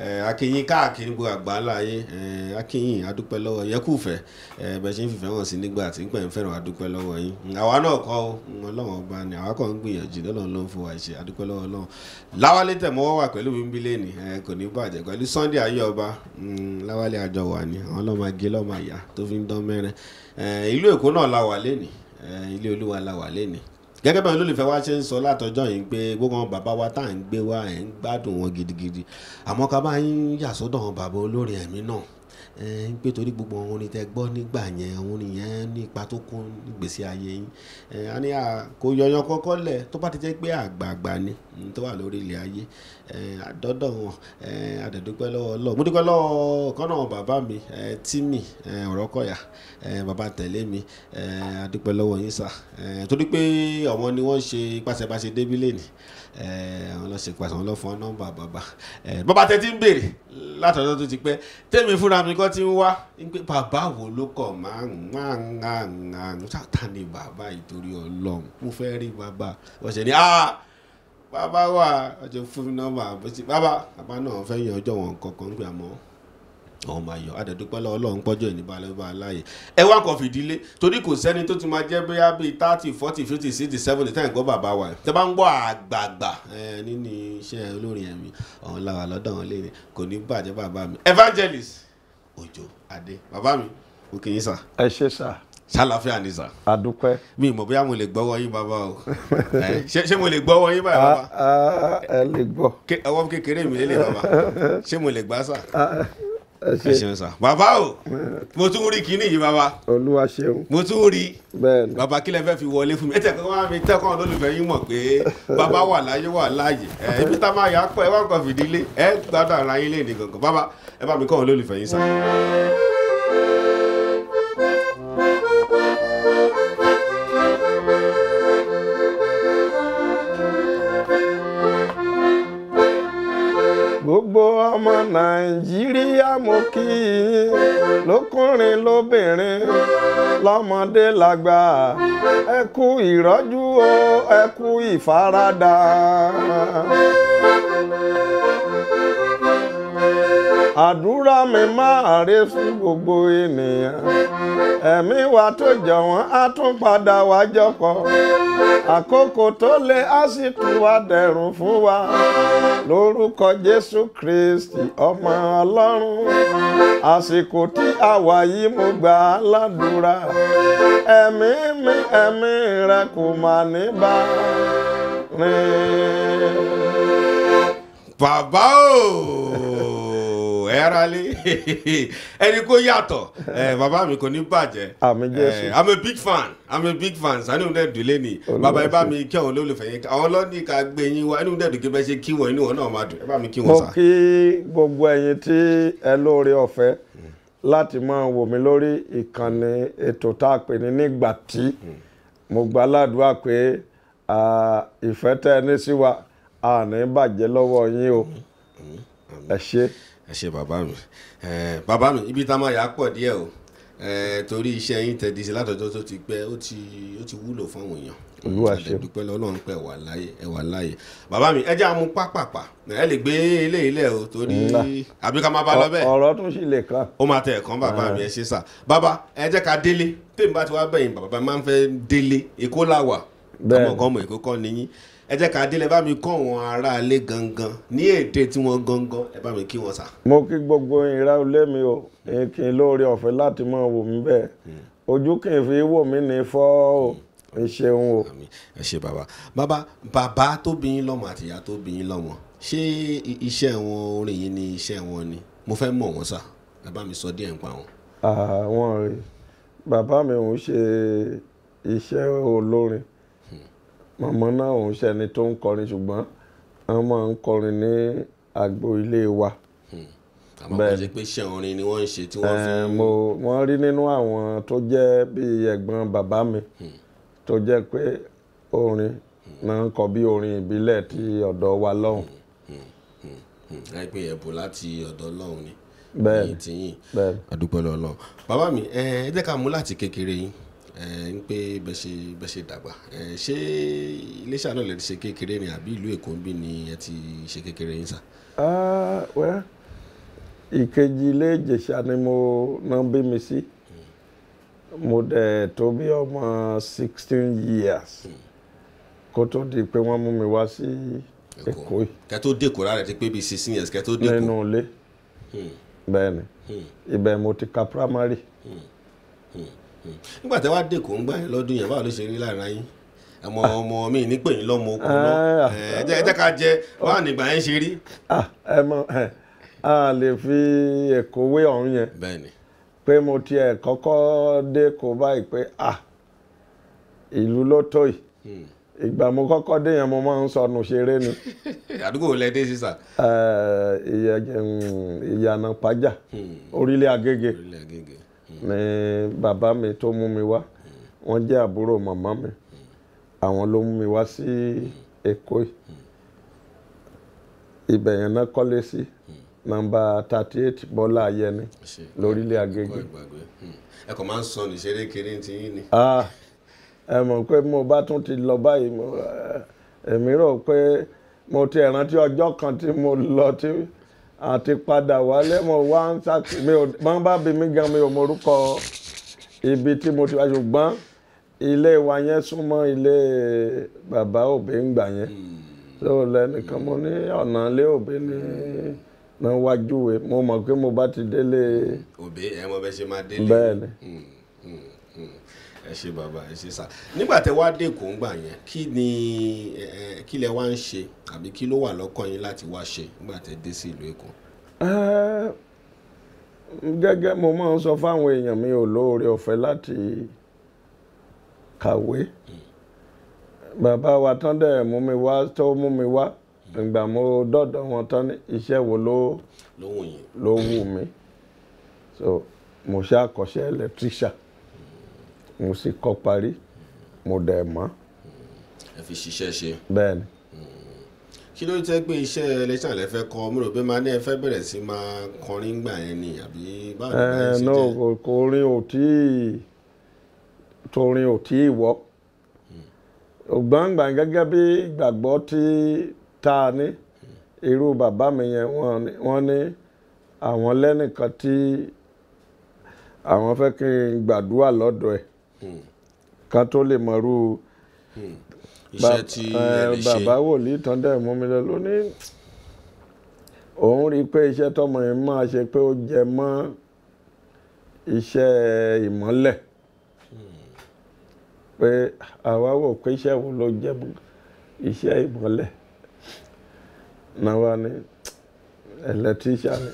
akínyìn káàkiri gbogbo àgbáńlá ayé akínyìn adúpẹ́ lọ́wọ́ yẹ kú fẹ́ bẹ́ẹ̀ ṣe ń fìfẹ́ hàn sí nígbà tí pẹ̀ ń fẹ́ràn adúpẹ́ lọ́wọ́ yín àwa náà kọ́ ọlọ́run ọba ni àwa kọ́ ń gbìyànjú ló ń adúpẹ́ lọ́wọ́ kò ní bàjẹ́ pẹ̀lú Sunday ayé ọba mm, láwálé àjọ wà ní àwọn gẹ́gẹ́ bẹ́ẹ̀ olólùfẹ́ wa ṣe ń sọ látọjọ́ yìí pé gbogbo àwọn bàbá wa tá à ń gbé wa ẹ̀ ń gbádùn wọn gidigidi àmọ́ ká bá yín yà sọ́dọ̀ àwọn bàbá olórin ẹ̀mí náà ń eh, pé torí gbogbo àwọn orin tẹ gbọ́ nígbà yẹn àwọn orin yẹn ní ipa tó kún nígbèsè ayé yín eh, a ní kò yọyan kọ́kọ́ lẹ̀ tó bá ti jẹ́ pé àgbààgbà ni tó wà lórí ilẹ̀ ayé àdọ́dọ̀ eh, wọn àdẹ̀dúpẹ́ lọ́wọ́ lọ́wọ́ mo dúpẹ́ lọ́wọ́ kọ́nà bàbá mi Tímì Ọ̀rọ́kọ̀yà bàbá tẹ̀lé mi àdúpẹ́ lọ́wọ́ yín sà torí pé àwọn ni wọ́n ṣe pàṣẹ débílẹ̀ ni. Eh, àwọn ọlọ́sìn pàṣẹ àwọn ọlọ́fọ̀n nọ́mbà bàbá eh, bàbá tẹ́tí ń béèrè látọ̀dọ̀ tó ti pẹ́ tẹ́mi fúnra mi kọ́ ti ń wá pé bàbá wo ló kọ̀ máa ń máa ń ŋà ŋà sátá ni bàbá ìtorí ọlọ́run mo fẹ́ rí bàbá ọ̀sẹ̀ ni ah bàbá wà ọjọ́ fún mi nọ́mbà bàbá bàbá náà fẹ́ yan ọjọ́ wọn kankan gbà ọ̀hún máa yọ àdẹ̀dúpẹ́ lọ́wọ́ ọlọ́run pọ́jọ́ ìníbalẹ́bà aláyè ẹ wá kàn fìdílé torí kò sẹ́ni tó ti máa jẹ́ bóyá bíi thirty forty fifty sixty seventy ten gbọ́ bàbá wa tẹ bá ń gbọ́ àgbààgbà níní iṣẹ́ olórin ẹ̀mí ọ̀hún làwà lọ́dọ̀ wọn léèrè kò ní bàjẹ́ bàbá mi evangelist òjò adé bàbá mi o kì í sà. ẹ ṣe sà. sálàfíà ni sà. àdúpẹ́. mi ì mọ̀ bóyá mo lè gbọ́wọ́ yín bàbá o ṣé mo lè gbọ́wọ́ yín báyìí bàbá. ẹ lè gbọ́. ọwọ́ kékeré mi lélẹ̀ bàbá ṣé mo lè gbá sà ẹ ṣeun sa bàbá o mo tún rí kinní yìí bàbá olúwa ṣeun mo tún rí bàbá kí lẹ fẹ́ fi wọlé fún mi ẹ tẹ̀ pé wọ́n á fi tẹ́kọ̀ọ́ lólùfẹ́ yín mọ̀ pé bàbá wà láyé wà láàyè ẹ ibi tá a máa yà á pọ̀ ẹ wá nǹkan fìdílé ẹ gbádùn ara yín lé ní gangan ẹ bá mi kọ́ ọ yín sa. nàìjíríà mo kí yín lọ́kùnrin lóbìnrin lọ́mọdé lágbà ẹ kú ìrọ́jú o ẹ kú ìfaradà àdúrà mi máa rè fún gbogbo ènìyàn ẹ̀mí wa tó jọ wọ́n á tún padà wá jọkọ̀ àkókò tó lé á sì tún wá dẹ̀rùn fún wa lórúkọ Jésù Kristi ọmọ Ọlọ́run àsìkò tí a wà yìí mo gbà á ládùúrà ẹ̀mí mi ẹ̀mí rẹ kò mà ní bá rìn. bàbá o ẹ rálé ẹni kó yàtọ̀ bàbá mi kò ní bàjẹ́ i'm a big fan i'm a big fan sani ò dẹ̀ dùlé ni bàbá ibà mi kí àwọn olólùfẹ́ yín àwọn lọ́ọ̀nì ká gbé yín wá inú dẹ̀ dùn kí bẹ́ẹ̀ ṣe kí wọ́n inú wọn náà máa dùn ẹ bá mi kí wọ́n sá. mo kí gbogbo ẹ̀yin tí ẹ lóore ọ̀fẹ́ láti máa wò mí lórí ìkànnì ètò tá a pè ní nígbà tí mo gba aládùúrà pé ìfẹ́ tẹ́ ẹ ní sí wa àní bàjẹ́ lọ́wọ́ yín o mm-hmm. ẹ ṣé ẹ ṣe bàbá mi bàbá mi ibi tá a máa yà á pọ̀ díẹ̀ o torí iṣẹ́ yín tẹ̀dí sí látọjọ́ tó ti pẹ́ ó ti ó ti wúlò fáwọn èèyàn olúwa ṣe dúpẹ́ lọ́lọ́run pé ẹ wà láyé ẹ wà láyé bàbá mi ẹ jẹ́ àmú pápápá ẹ lè gbé ilé ilẹ̀ o torí àbí máa bá lọ bẹ́ẹ̀ ọ̀rọ̀ tún sì lè kàn. ó máa tẹ ẹ̀kan bàbá mi ẹ ṣe sà bàbá ẹ jẹ́ ká délé tèmi bá ti wá bẹ̀yìn bàbá mi máa ń fẹ́ délé èkó làwà ọmọ kan mọ̀ èkó kọ́ nìyí ẹ jẹ́ ká délé bá mi kọ́ wọn aráalé gangan ní èdè tí wọ́n gangan ẹ bá mi kí wọn sà. mo kí gbogbo ìra ilé mi o kí n lóore ọ̀fẹ́ láti máa wò mí bẹ́ẹ̀ hmm. ojú kì í fi wò mí ní fọ́ o ẹ ṣeun o. ẹ ṣe bàbá bàbá bàbá tó bí yín lọ́mọ àtìyá tó bí yín lọ́mọ ṣé iṣẹ́ wọn orin yìí ni iṣẹ́ wọn ni mo fẹ́ mọ̀ wọ́n sà ẹ bá mi sọ díẹ̀ nípa wọn. àwọn rè bàbá mi ò ń ṣe iṣẹ́ olórin màmá náà òun ṣẹni tó ń kọrin ṣùgbọ́n wọ́n máa ń kọrin ní agbo ilé wa. Hmm. àmọ́ kò ṣe pé ṣe orin ni wọ́n ń ṣe tí wọ́n fi. mo wọ́n rí nínú àwọn tó jẹ́ bíi ẹ̀gbọ́n bàbá mi hmm. tó jẹ́ pé orin hmm. náà ń kọ bí orin ìbílẹ̀ ti ọ̀dọ̀ wa lọ́hùn. láìpẹ́ ẹ̀bùn láti ọ̀dọ̀ lọ́hùn ni. bẹ́ẹ̀ bẹ́ẹ̀ adúpẹ́ lọ́lọ́ bàbá mi ẹ jẹ́ ká mú láti kékeré yín ń pé bẹ́ẹ̀ ṣe bẹ́ẹ̀ dàgbà ṣé iléṣà náà lè ṣe kékeré ni àbí ìlú èkó ń bí ni ẹ ti ṣe kékeré yín sà. Ah, ìkejì ilé ìjẹ̀ṣà ni mo náà bí mi sí hmm. mo dẹ̀ tó bí ọmọ sixteen years hmm. kó tó di pé wọ́n mú mi wá sí èkó yìí. kẹ́ tó dèkó rárẹ̀ ti pé bíi sixteen years kẹ́ tó dèkó. nínú ilé hmm. bẹ́ẹ̀ ni ibẹ̀ mo ti ka primary. Hmm. Hmm. nígbà tí wàá dèkó ń gbà yín lọ́dún yẹn báwo ló ṣe rí lára yín ọmọ ọmọ mi ní pè yín lọ́mọ okùn náà ah. ẹ jẹ́ ká jẹ wàá nígbà yẹn ṣe rí. Ah, ẹ mọ ẹ a lè fi èkó wé ọ̀run yẹn pé mo tiẹ̀ kọ́kọ́ dèkó báyìí pé ah ìlú ló tó yìí hmm. ìgbà mo kọ́kọ́ dé yẹn mo máa ń sọnù ṣeré ni. àdúgbò lẹ́dẹ́ sísà. ìyànà pàjá orílẹ̀ Agége bàbá mi tó mú mi wá wọ́n jẹ́ àbúrò màmá mi àwọn ló mú mi wá sí Èkó ibẹ̀ yẹn náà kọ́lé sí nọ́mbà thirty eight Bọ́lá Ayẹni lórílẹ̀ Agége. Hmm. ẹ kò máa ń sọ nìṣeré kiri ti yín ni. Ah, ẹ mọ̀ pé mo bá tún ti lọ báyìí èmi rò pé mo ti rántí ọjọ́ kan tí mo lọ tí. Ti àti padà wálé mo wá ń sàkí mi ò bá ń bá bí mi gan mi ò mọ orúkọ ibi tí mo ti wá ṣùgbọ́n ilé wa yẹn súnmọ́ ilé bàbá òbí ń gbà yẹn so lẹ́nìkan mo ní ọ̀nà ilé òbí ní náà wájú mo mọ̀ pé mo bá ti délé. òbí ẹ mo bẹ ṣe máa délé. bẹ́ẹ̀ ẹ ṣe bàbá ẹ ṣe sà nígbà tẹ wá dé kòńgbà yẹn kí ni kí lẹ wá ń ṣe àbí kí ló wà lọ́kàn yín láti wá ṣe nígbà tẹ dé sí ìlú Èkó. gẹ́gẹ́ mo máa ń sọ fáwọn èèyàn mi ò lóore ọ̀fẹ́ láti kàwé bàbá wa tán dẹ̀ mú mi wá tó mú mi wá ìgbà mo dọ́dọ̀ wọn tán ní iṣẹ́ wo ló ló wù mí so mo ṣe àkọ́ṣe electrician mo sì kọ́ parí mo dẹ̀ mọ́. ẹ fi ṣiṣẹ́ ṣe. bẹ́ẹ̀ni. Mm. kí ló tẹ́ pé iṣẹ́ ẹlẹ́sàn lẹ fẹ́ kọ́ mo rò pé máa ní ẹ fẹ́ bẹ̀rẹ̀ sí máa kọrin gbà yẹn ni àbí báwo ni báyìí ṣe eh, jẹ́. ẹ kò rin ò tí torin ò tí ì wọ́ mm. ògbọ́ngbà gẹ́gẹ́ bí ìgbàgbọ́ tí tá ni ní irú bàbá mi yẹn wọ́n ní àwọn lẹ́nìkan tí àwọn fẹ́ kí n gbàdúrà lọ́dọ̀ ẹ̀ ká tó lè mọ̀rú iṣẹ́ tí ẹ lè ṣe bàbá wòlíì tán dẹ̀ mú mi lọ ló ní òun rí i pé iṣẹ́ tọmọ yẹn máa ṣe pé ó jẹ mọ́ iṣẹ́ ìmọ́lẹ̀ pé àwa wò pé iṣẹ́ wo ló jẹ iṣẹ́ ìmọ́lẹ̀ náà wá ẹlẹtíṣà ni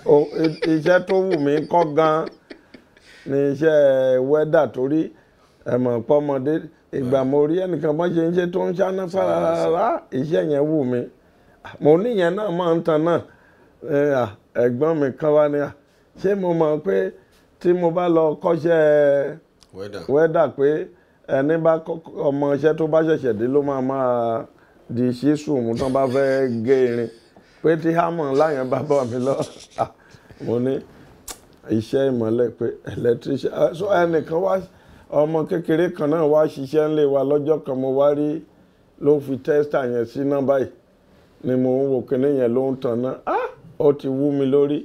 iṣẹ́ tó wù mí kọ́ gan ni iṣẹ́ wẹ́dà torí ẹ̀mọ̀ pọ́mọdé ìgbà mo rí ẹnìkan bọ́n ṣe ń ṣe tó ń ṣáná ah, sára iṣẹ́ yẹn wù mí mo níyẹn náà máa ń tan náà ẹ̀gbọ́n mi kan wá ní ṣé mo mọ̀ pé tí mo bá lọ kọ́ṣẹ́ wẹ́dà pé ẹni bá ọmọ iṣẹ́ tó bá ṣẹ̀ṣẹ̀ dé ló máa máa di ṣíṣù mú tán bá fẹ́ gé irin pé tí hámọ̀ láyàn bá bọ̀ mí lọ mo ní iṣẹ́ ìmọ̀lẹ̀ pé electrician ẹnìkan wá ọmọ kékeré kan náà wá ṣiṣẹ́ ńlẹ̀ wa lọ́jọ́ kan mo wá rí ló fi tẹ́sítà yẹn sí náà báyìí ni mo ń wò kíní yẹn ló ń tàn náà ó ti wú mi lórí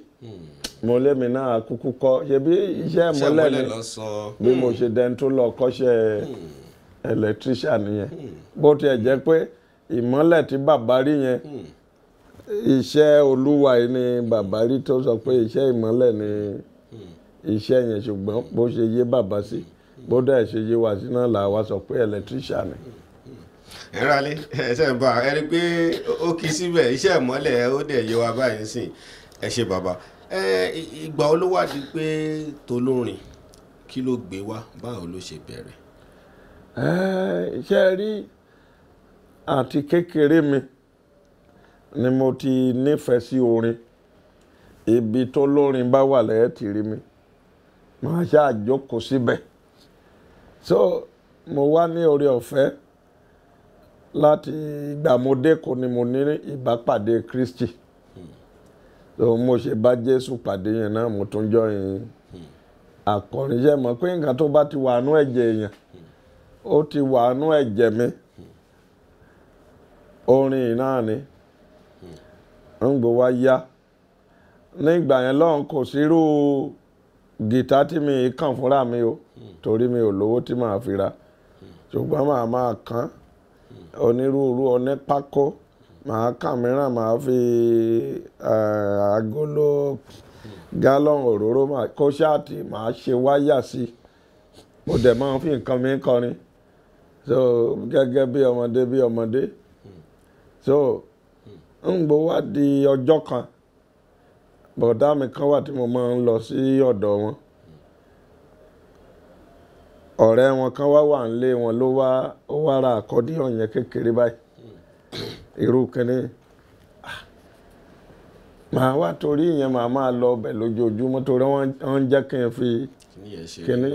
mo lẹ́mi náà kúkú kọ́ ṣebí iṣẹ́ ìmọ́lẹ̀ mi bí mo ṣe dẹni tó lọ kọ́ṣẹ́ ẹlẹtíríṣà nìyẹn bó tiẹ̀ jẹ́ pé ìmọ́lẹ̀ tí bàbá rí yẹn iṣẹ́ olúwa ni bàbá rí tó sọ pé iṣẹ́ ìmọ́lẹ̀ ni iṣẹ́ yẹn ṣùgbọ́n bó ṣe yé bàbá sí. Si bódà ìṣèjì wa sí náà là wá sọ pé electrician ni. ẹ rálé ẹ ṣe ń bá ẹ rí i pé ó kí síbẹ̀ iṣẹ́ ìmọ́lẹ̀ ó dẹ̀ yé wa báyìí sìn ẹ ṣe bàbá ẹ ìgbà olówádìí pé tolórin kí ló gbé wá báwo ló ṣe bẹ̀rẹ̀. ẹ rí àti kékeré mi ni mo ti nífẹ̀ẹ́ sí orin ibi tó lórin bá wà lẹ́yìn tìrí mi màá ṣáà jókòó síbẹ̀. Si so mo wa ní oore ọ̀fẹ́ láti ìgbà mo dẹ́kun ni mo ní ìbápàdé Kristi so mo se bá Jésù pàdé yẹn náà mo tún jọ yẹn akọrin yẹn mọ̀ pé nǹkan tó bá ti wà nù eje yẹn o ti wà nù eje mi orin náà ni ń gbọ́ wá yá nígbà yẹn lọ́hùn kò gìtá tí mi kàn fúnra mi o torí mi ò lówó tí màá fi ra ṣùgbọ́n màá máa kàn onírúurú ọ̀nẹ́ pákó màá kàn mìíràn màá fi agolo gálọ̀n òróró kó ṣáàtì màá ṣe wáyà sí mo dẹ̀ máa fi nǹkan mi kọrin so gẹ́gẹ́ bí ọmọdé bí ọmọdé so ń gbowó di ọjọ́ kan bọ̀dá mi kan wà tí mo máa ń lọ sí ọ̀dọ̀ wọn ọ̀rẹ́ wọn kan wá wà nílé wọn ló wá ó wá ra àkọ́díọ̀n yẹn kékeré báyìí irú kínní ah, màá wá torí ìyẹn màá máa lọ ọbẹ̀ lójoojúmọ́ torí wọ́n ń jẹ́ kí n fi kínní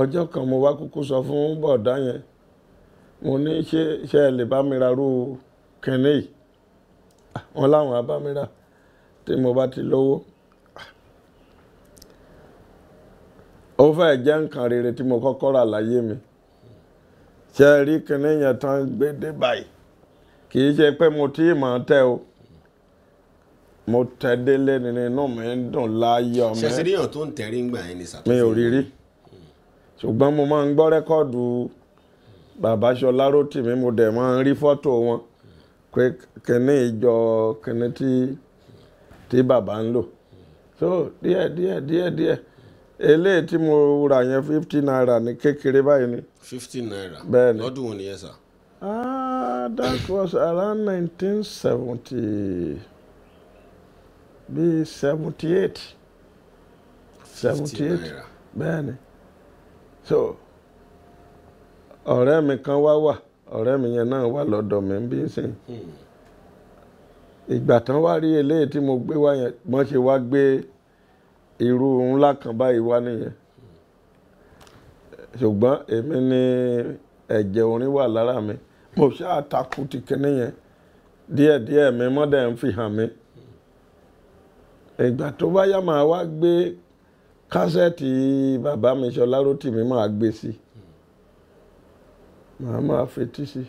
ọjọ́ kan mo wá kúkú sọ fún bọ̀dá yẹn mo ní ṣé ṣe lè bá mi ra rú kínní yìí ah, wọ́n láwọn abámira tí mo bá ti lówó ó fẹ́ jẹ́ nǹkan rere tí mo kọ́kọ́ rà láyé mi ṣe rí kinní yẹn tán gbé dé báyìí kì í ṣe pé mo tí mọ̀ ọ́n tẹ́ o mo tẹ́ délé nínú inú mi ń dùn láyọ̀ mi. ṣẹ̀ṣẹ̀ ríyàn tó ń tẹ̀rí ń gbà yín ni sàtúnṣe. mi ò rí rí ṣùgbọ́n mo máa ń gbọ́ rẹ́kọ́ọ̀dù bàbá Ṣọlá Rótìmí mo dẹ̀ máa ń rí fọ́tò wọn pé kinní ìjọ kinní tí tí bàbá ń lò so díẹ̀ díẹ̀ díẹ̀ díẹ̀ eléyìí tí mo rà yẹn fifty naira ní kékeré báyìí ni. fifty naira bẹ́ẹ̀ ni lọ́dún wo ni yẹn sà. ah that was around nineteen seventy bíi seventy eight seventy eight bẹ́ẹ̀ ni so ọ̀rẹ́ mi kan wá wà ọ̀rẹ́ mi yẹn náà wà lọ́dọ̀ mi ń bí sìn. Hmm ìgbà tán wá rí eléyìí tí mo gbé wá yẹn wọ́n ṣe wá gbé irú ńlá kan báyìí wá nìyẹn ṣùgbọ́n èmi ní ẹ̀jẹ̀ orin wà lára mi mo ṣáà takú ti kíní yẹn díẹ̀díẹ̀ mi mọ́dẹ̀ ń fi hàn mí ìgbà tó bá yá máa wá gbé kásẹ̀tì bàbá mi Ṣọlá Rótìmí máa gbé sí màá máa fetí sí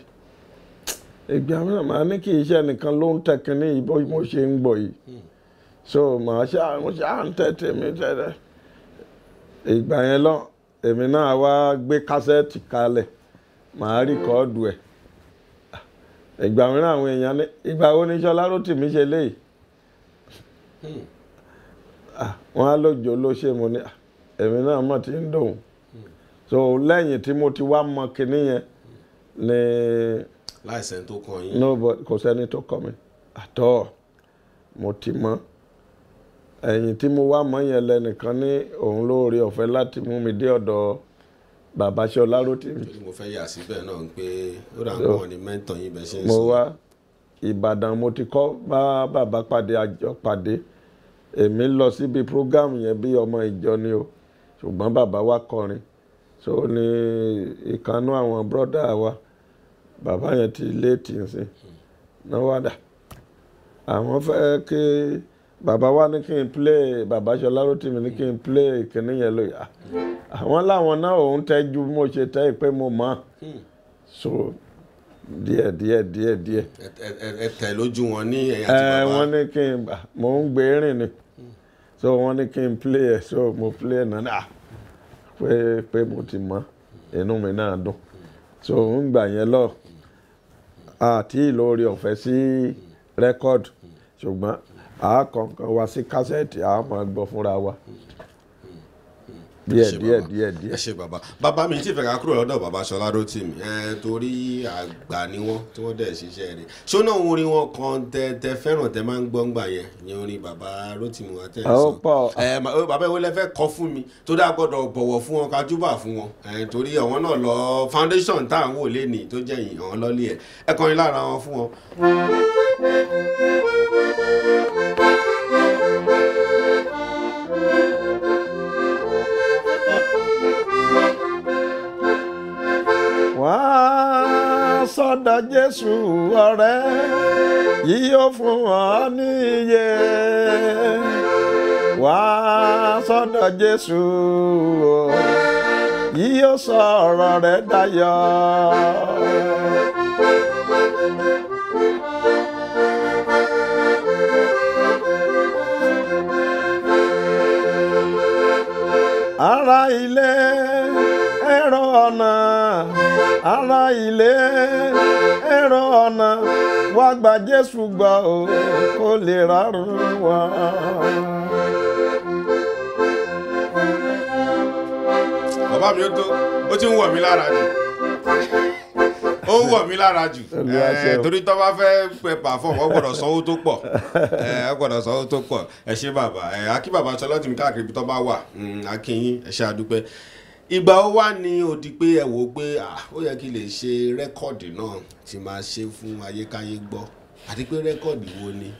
ìgbà mìíràn màá ní kì í ṣe ẹnìkan ló ń tẹkin ní ìbọn mo ṣe ń gbọ́ yìí hmm. so màá ṣe àwọn ṣe à ń tẹ̀tẹ̀ mi tẹ̀tẹ̀ ìgbà yẹn lọ èmi náà wá gbé kásẹ́ẹ̀tì kalẹ̀ màá hmm. rìkọ́ọ̀dù ẹ̀ ìgbà mìíràn àwọn èèyàn ní ìgbà wo ni Ṣọlá Rótìmí ṣe léyìí hmm. wọn á lójó ló ṣe mo ní èmi náà mọ̀ tí ń dòun so lẹ́yìn tí mo ti wá mọ kinní ni. Hmm láìsẹ̀ tó kàn yín. no but kò sẹ́ni tó kàn mí àtọ́ mo ti mọ̀ ẹ̀yìn tí mo wá mọ̀ yẹn lẹ́nìkan ní òun lóore ọ̀fẹ́ láti mú mi dé ọ̀dọ̀ bàbá ṣọlá Rotimi. mo fẹ́ yà síbẹ̀ náà pé ó rà mọ́ ni mẹ́ńtọ̀ yín bẹ́ẹ̀ ṣe ń sọ. mo wá ìbàdàn mo ti kọ́ bá bàbá pàdé àjọ pàdé èmi lọ síbi program yẹn bí ọmọ ìjọ ni o ṣùgbọ́n bàbá wa kọrin so ní ìkànnú àwọn brọ́dà wa bàbá yẹn ti léètì sí náà wá dà àwọn fẹ́ kí bàbá wa ní kí n play bàbá Ṣọlá Rótìmí ní kí n play kìnní yẹn lóyà àwọn láwọn náà òun tẹ́jú mo ṣe tẹ́ ẹ pé mo mọ̀ so díẹ̀ díẹ̀ díẹ̀ díẹ̀. ẹ tẹ̀ lójú wọn ní ẹ̀yà tí bàbá. ẹ wọ́n ní kí n mò ń gbé rìn ni so wọ́n ní kí n play ẹ̀ so mo play ẹ̀ náà pé pé mo ti mọ̀ inú mi náà dùn so ń gbà yẹn lọ àti ìlóore ọ̀fẹ́ sí rẹ́kọ́d ṣùgbọ́n àákọ̀ọ̀kan wa sí kásẹ̀tì àá máa gbọ́ fúnra wa. Mm díẹ̀ díẹ̀ ẹ ṣe bàbá bàbá mi ti fẹ̀ka kúrò lọ́dọ̀ bàbá Ṣọlá Rótìmí ẹ torí àgbà ni wọ́n tí wọ́n dẹ̀ ṣiṣẹ́ rẹ̀ ṣọ́nà orin wọn kan tẹ tẹ fẹ́ràn tẹ máa ń gbọ́ yẹn ni orin bàbá Rótìmí wa tẹ̀ sọ ẹ bàbá ìwé lẹ kọ fún mi tó dáa gbọ́dọ̀ bọ̀wọ̀ fún wọn kájúbà fún wọn ẹ torí àwọn náà lọ foundation tá à ń wò léni tó jẹ́ yìí àwọn lọ́lé ẹ ẹ kọrin lára wọn fún wọn. padà Jésù ọ̀rẹ́ yíyó fún ọ níyè wá sọ́dọ̀ Jésù yíyó sọ rẹ dayọ̀. ara ilé ará ilé ẹ̀rọ ọ̀nà wá gba Jésù gbà ó kó lè rárun wá. bàbá mi ó tó ó ti ń wọ̀ mí lára jù ó ń wọ̀ mí lára jù torí tó bá fẹ́ pẹ̀ pàfọ́ ọ gbọ́dọ̀ sanwó tó pọ̀ ọ gbọ́dọ̀ sanwó tó pọ̀ ẹ ṣé bàbá akí bàbá sọlọ́tì káàkiri tó bá wà mm, akínyìn ẹ àdúpẹ́ ìgbà ó wà ní òdì pé ẹ wò ó pé ó yẹ kí lè ṣe rẹ́kọ̀dì náà tí máa ṣe fún ayékáyé gbọ́ àti pé rẹ́kọ̀dì wo ni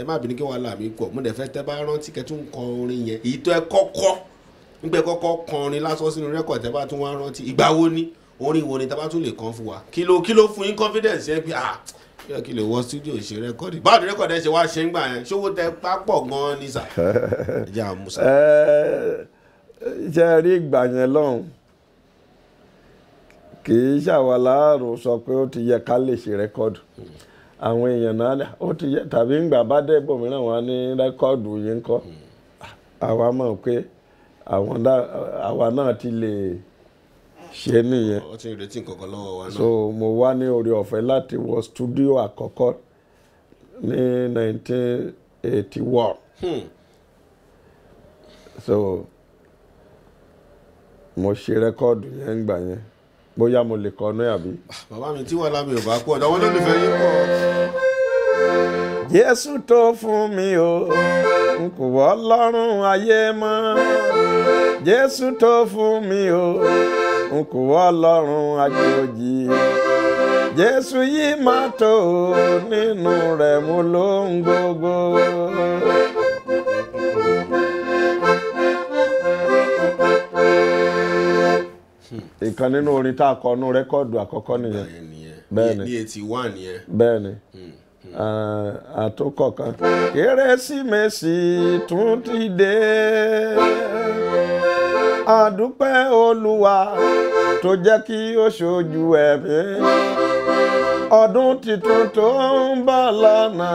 ẹ má bínú kí wàhálà mi pọ̀ mo dẹ̀ fẹ́ tẹ́ bá rántí kẹ́ tún kọ orin yẹn èyí tó ẹ kọ́kọ́ nígbà kọ́kọ́ kan orin lásán sínú rẹ́kọ̀dì tẹ́ bá tún wá rántí ìgbà wo ni orin wo ni tẹ́ bá tún lè kàn fún wa kí ló kí ló fún yín confidence yẹn pé ah yóò kí lè wọ studio ṣe rẹ́kọ̀dì báwo ni rẹ́kọ̀dì ẹ ṣe wá ṣe ń gbà yẹn ṣówó tẹ pápọ̀ gan-an ní sà ẹ jẹ́ àmúṣà. ṣe rí ìgbà yẹn lọ́hùn kì í sọ pé ó ti yẹ ká lè ṣe rẹ́kọ́dù àwọn èèyàn náà ó ti yẹ tàbí ńgbà bá dé ibòmíràn wá ní rẹ́kọ́dù yìí ń kọ́ àwa mọ̀ náà ti lè ṣe nìyẹn. so mo wọ studio àkọ́kọ́ ní 1981. Hmm. so. mo ṣe rẹ́kọ́ọ̀dù yẹn ń gbà yẹn bóyá mo lè kọ́ ọ́nú àbí. bàbá mi tí wọ́n lábẹ́ ò bá kú ọ̀dọ̀ wọn ló lè fẹ́ yín pọ̀. jésù tó fún mi o n kò wọ́ lọ́rùn ayé mọ́ jésù tó fún mi o n kò wọ́ lọ́rùn àjòjì jésù yìí má tó nínú rẹ̀ mo ló ń gbogbo. nkan ninu orin ta kọ nu rẹkọọdu akọkọ niyẹn bẹẹni bẹẹni atukọ kan. kérésìmesì tún ti dé àdúpẹ́ olúwa tó jẹ́ kí ó ṣojú ẹ̀mí ọdún tuntun tó ń bọ̀ lọ́nà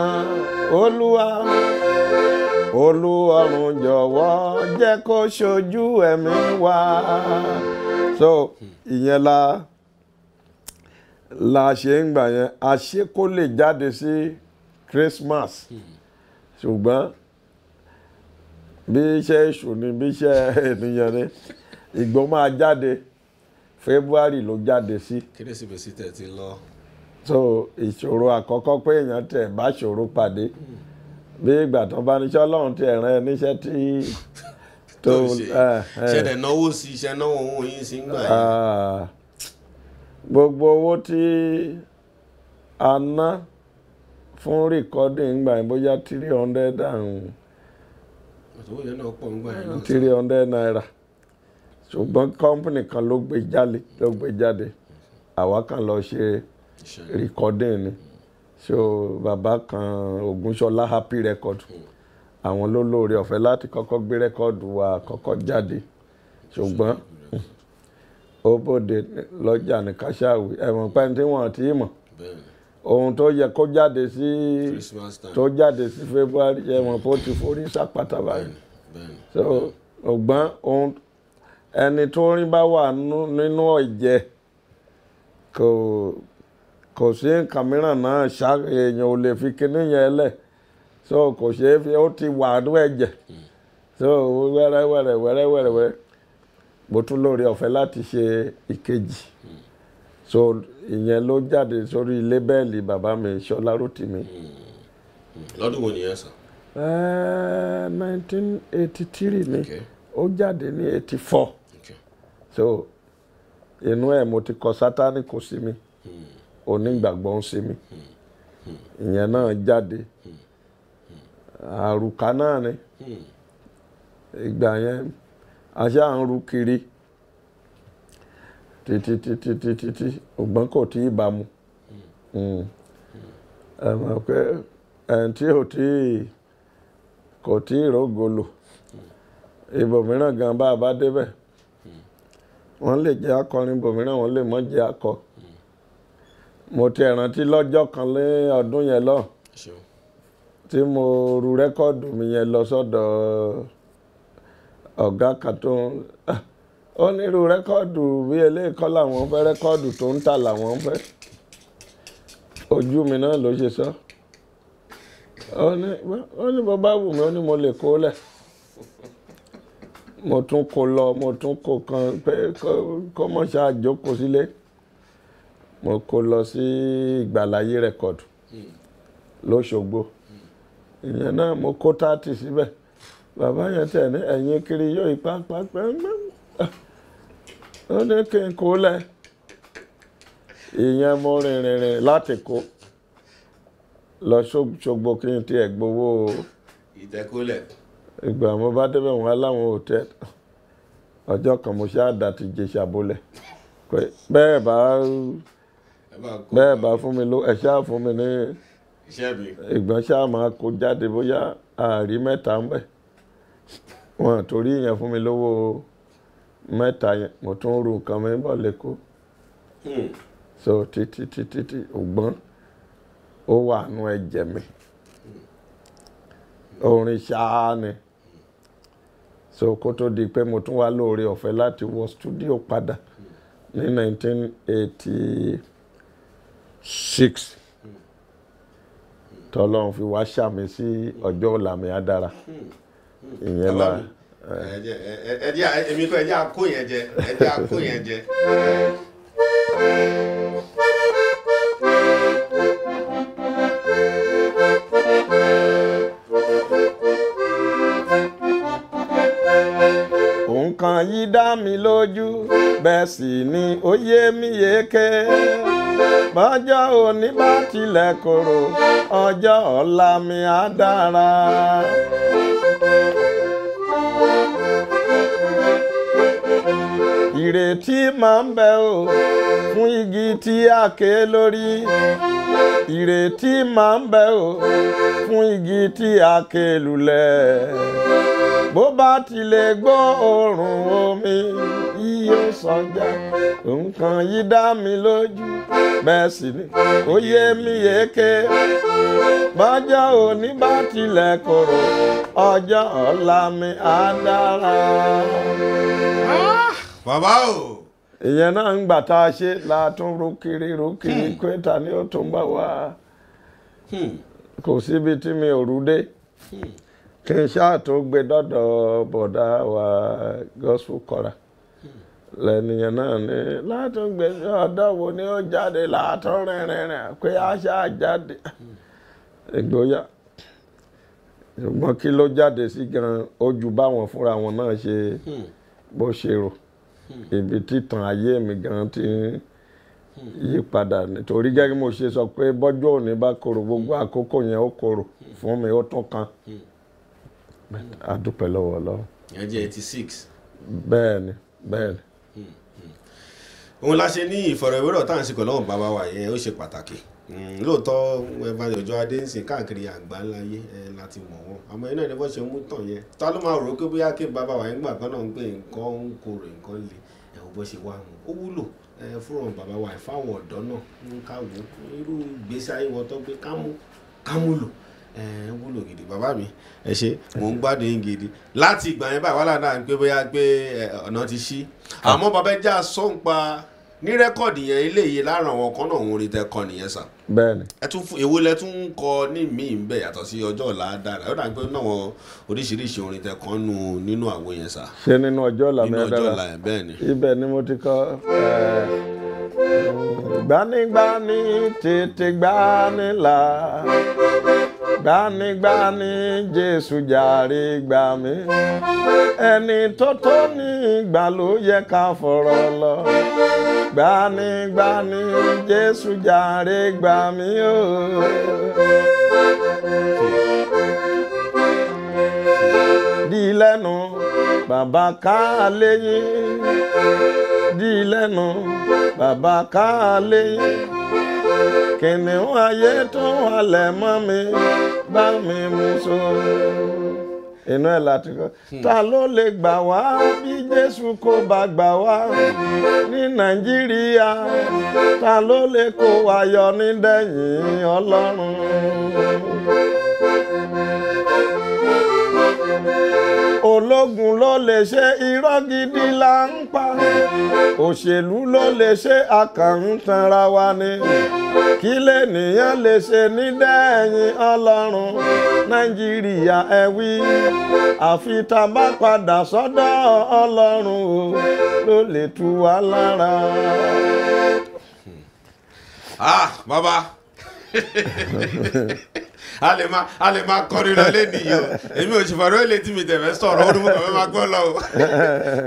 olúwa. olúwarùn jọ̀wọ́ jẹ́ kó ṣojú ẹ̀mí wa so ìyẹn la la ṣe ń gbà yẹn a ṣe kó lè jáde sí Christmas ṣùgbọ́n bí iṣẹ́ èṣù ni bí iṣẹ́ ènìyàn ni ìgbó máa jáde February ló jáde sí. kérésìmesì tẹ̀ ti lọ. so ìṣòro àkọ́kọ́ pé èèyàn tẹ̀ bá ṣòro pàdé. Mm bí ìgbà tó bá níṣẹ́ ọlọ́run ti ẹ̀ràn ẹ níṣẹ́ tí tó ṣẹlẹ̀ náwó sí iṣẹ́ náwó òun yìí sí ń gbà yẹn. Ah. gbogbo owó tí a ná fún rìkọ́dì ńgbà yẹn bóyá three hundred and three hundred naira ṣùgbọ́n kọ́mpìnì kan ló gbé jáde ló gbé jáde àwa kan lọ ṣe rìkọ́dì ni. Mm -hmm so bàbá kan Ògúnṣọlá happy record hmm. àwọn ló lóore ọ̀fẹ́ láti kọ́kọ́ gbé rẹ́kọ́ọ̀dù wa kọ́kọ́ jáde ṣùgbọ́n hmm. ó bòde lọ́jà ní kásáwì ẹ̀wọ̀n pẹ́ni tí wọ́n ti mọ̀ ohun tó yẹ kó jáde sí tó jáde sí February ẹ̀wọ̀n kó ti forí sápàtà báyìí so ọgbọ́n ohun ẹni tó rí bá wà nínú ọ̀jẹ̀ kò kò sí nǹkan mìíràn náà ṣá èèyàn ò lè fi kinní yẹn lẹ̀ so kò ṣe é fi ó ti wà ní ẹ̀jẹ̀ so wẹ́rẹ́ wẹ́rẹ́ wẹ́rẹ́ wẹ́rẹ́ wẹ́rẹ́ mo tún lóore ọ̀fẹ́ láti ṣe ìkejì so ìyẹn ló jáde sórí lébẹ́ẹ̀lì bàbá mi Ṣọlá Rótìmí. Hmm. Hmm. lọ́dún wo nìyẹn sàn. Eh, nineteen eighty three ni ó jáde ní eighty four so inú ẹ̀ mo ti kọ Sátánì kò sí mi. Mm. onígbàgbọ́ ń ṣe mí ìyẹn náà jáde àrùkà náà ni ìgbà yẹn aṣá ń ru kiri títí títí títí tí ògbọ́n kò tí ì bá mu ẹ mọ̀ pé ẹn ò tí ì kò tí ì rógolo ibòmíràn gan bá a bá débẹ̀ wọ́n lè jẹ́ akọrin ibòmíràn wọ́n lè mọ́ jẹ́ akọ. mo ti rántí lọ́jọ́ kan lé ọdún yẹn lọ tí mo ru rẹ́kọ́ọ̀dù mi yẹn lọ sọ́dọ̀ ọ̀gá kan tó ń ah, ó ní irú rẹ́kọ́ọ̀dù bí eléèkọ́ làwọn fẹ́ rẹ́kọ́ọ̀dù tó ń tà làwọn fẹ́ ojú mi náà ló ṣe sọ ó ní bó bá wù mí ó ní mo lè kó lẹ̀ mo tún kó lọ mo tún kó kan pé kó mọ̀ ṣáà jókòó sílé. Si mo kó lọ sí ìgbàláyé record hmm. lóṣogbo ìyẹn náà mo kó tààtì síbẹ̀ bàbá yẹn tẹ̀ ní ẹ̀yìn kiri yóò ipá pàpẹ́ ó ní kí n kó lẹ̀ ìyẹn mo rìnrìn rìn láti kó lọ ṣogbo kí n tiẹ̀ gbowó ìtẹ́kólẹ̀ ìgbà mo bá débẹ̀ wọn láwọn hòtẹ́ẹ̀lì ọjọ́ kan mo ṣáà dàtí jẹ ṣàbólẹ̀ pé bẹ́ẹ̀ bá bẹ́ẹ̀ bá fún mi ló ẹ̀ ṣáà fún mi ní ìgbọ́n ṣáà máa kó jáde bóyá ààrí mẹ́ta ń bẹ̀ wọn torí yẹn fún mi lówó mẹ́ta yẹn mo tún ru nǹkan mi bọ̀ lẹ́kọ́ hmm. so títí títí tí ògbọ́n ó wà nú ẹ̀jẹ̀ mi hmm. orin ṣáá ni so kó tó di pé mo tún wá lóore ọ̀fẹ́ láti wọ stúdíò padà ní 1980 six tọ́lọ́run fi wá ṣàmì sí ọjọ́ ọ̀la mi ìyẹn la. ẹjẹ èmi kọ ẹjẹ àkó yẹn jẹ ẹjẹ àkó yẹn jẹ. nǹkan yìí dá mi lójú bẹ́ẹ̀ sì ni ó yé mi yéké bọ́jọ́ òní bá tilẹ̀ korò ọjọ́ ọ̀la mi á dára. ìrètí máa ń bẹ o fún igi tí a ké lórí ìrètí máa ń bẹ o fún igi tí a ké lulẹ̀ bó bá tilẹ̀ gbọ́ òórùn omi yóò sọjà nǹkan yìí dá mi lójú bẹ́ẹ̀ sì ni ó yé mi yéké bọ́jọ́ òní bá tilẹ̀ korò ọjọ́ ọ̀la mi á dára. Ah! bàbá o. ìyẹn náà ń gbà tá a ṣe la tún rúkiri rúkiri hmm. kẹta ni ó tún bá wá hmm. kò síbi tí mi ò rú dé hmm. kí n ṣáà tó gbé dọ́dọ̀ bọ̀dá wa gospel kọ́ra lẹ́nìyàn náà ní látún gbèsè ọ̀dọ́ wo ni ó jáde látún rìnrìnrìn pé àṣà jáde ìgboyà ṣùgbọ́n kí ló jáde sí gan ojú báwọn fúnra wọn náà ṣe hmm. bó ṣe rò hmm. ibi títàn ayé mi gan ti ń hmm. yí padà nítorí gẹ́gẹ́ mo ṣe sọ pé bọ́jú òní bá korò gbogbo àkókò yẹn ó korò fún mi ó tún kan a lọ́wọ́ lọ́wọ́. ẹ jẹ́ eighty six. bẹ́ẹ̀ ni bẹ́ẹ̀ ni òun la ṣe ní ìfọ̀rọ̀wérọ̀ tá à ń ṣe pẹ̀lú ọ̀hún bàbá wa yẹn ó ṣe pàtàkì hmm, lóòótọ́ ẹ̀fọn ìjọ adé ń sìn káàkiri àgbáńlá yé ẹ láti mọ̀ wọn àmọ́ iná ìdẹ́fọ́ ṣe mú tàn yẹn ta ló máa rò ó pé bóyá kí bàbá wa yẹn gbà kan náà ń pè nǹkan ń korò nǹkan le ẹ̀wọ̀ bó ṣe wá wọn ó wúlò fúnra bàbá wa fáwọn ọ̀dọ́ náà ń ká wò ó irú ìgbésí ayé wọn tó gbé kámú kámú lò ẹ wúlò gidi bàbá mi ẹ ṣe mò ń gbádùn yín gidi láti ìgbà yẹn báyìí wàhálà náà ń pé bóyá pé ọ̀nà ti ṣí ah. àmọ́ bàbá ẹ já sọ́ǹpa ní rẹ́kọ̀dì yẹn eléyìí lára àwọn kan òun rí tẹ́ nìyẹn sà. bẹ́ẹ̀ni. ẹ tún fún èwo lẹ tún ń kọ ní míì ń bẹ yàtọ̀ sí ọjọ́ ọ̀la dára ó dàgbé náwọn oríṣiríṣi orin tẹ́ nù nínú àwo yẹn sà. ṣé nínú ọjọ́ ọ̀la mi dára nínú ọjọ́ ọ̀la yẹn bẹ́ẹ̀ ni. ni mo ti kọ gbanigbani tètè gbanila gbanigbani jésù jàre gbà mí ẹni tó tó ní ìgbà ló yẹ ká fọ̀rọ̀ lọ gbanigbani jésù jàre gbà mí o. dí lẹ́nu bàbá ká léyìn dí lẹ́nu bàbá ká léyìn kìnìún ayé tó halẹ̀ mọ́ mi bá mi mú so. inú ẹ la ti kọ ta ló lè gbà wá bí jésù kò bá gbà wá ní nàìjíríà ta ló lè kó wa yọ nídẹ̀yìn ọlọ́run. ológun ló lè ṣe irọ́ gidi là ń pa òṣèlú ló lè ṣe akàrùn tanra wa ni kí lènìyàn lè ṣe ní dẹ́yìn ọlọ́run nàìjíríà ẹ wí àfi tá a bá padà sọ́dọ̀ ọlọ́run o ló lè tu wá lára. ah bàbá. a lè máa a lè máa kọrin lọ lẹ́nìí o èmi ò sì fọ̀rọ̀ èlé tí mi tẹ̀fẹ́ sọ̀rọ̀ ó ní mo kàn fẹ́ máa gbọ́ lọ o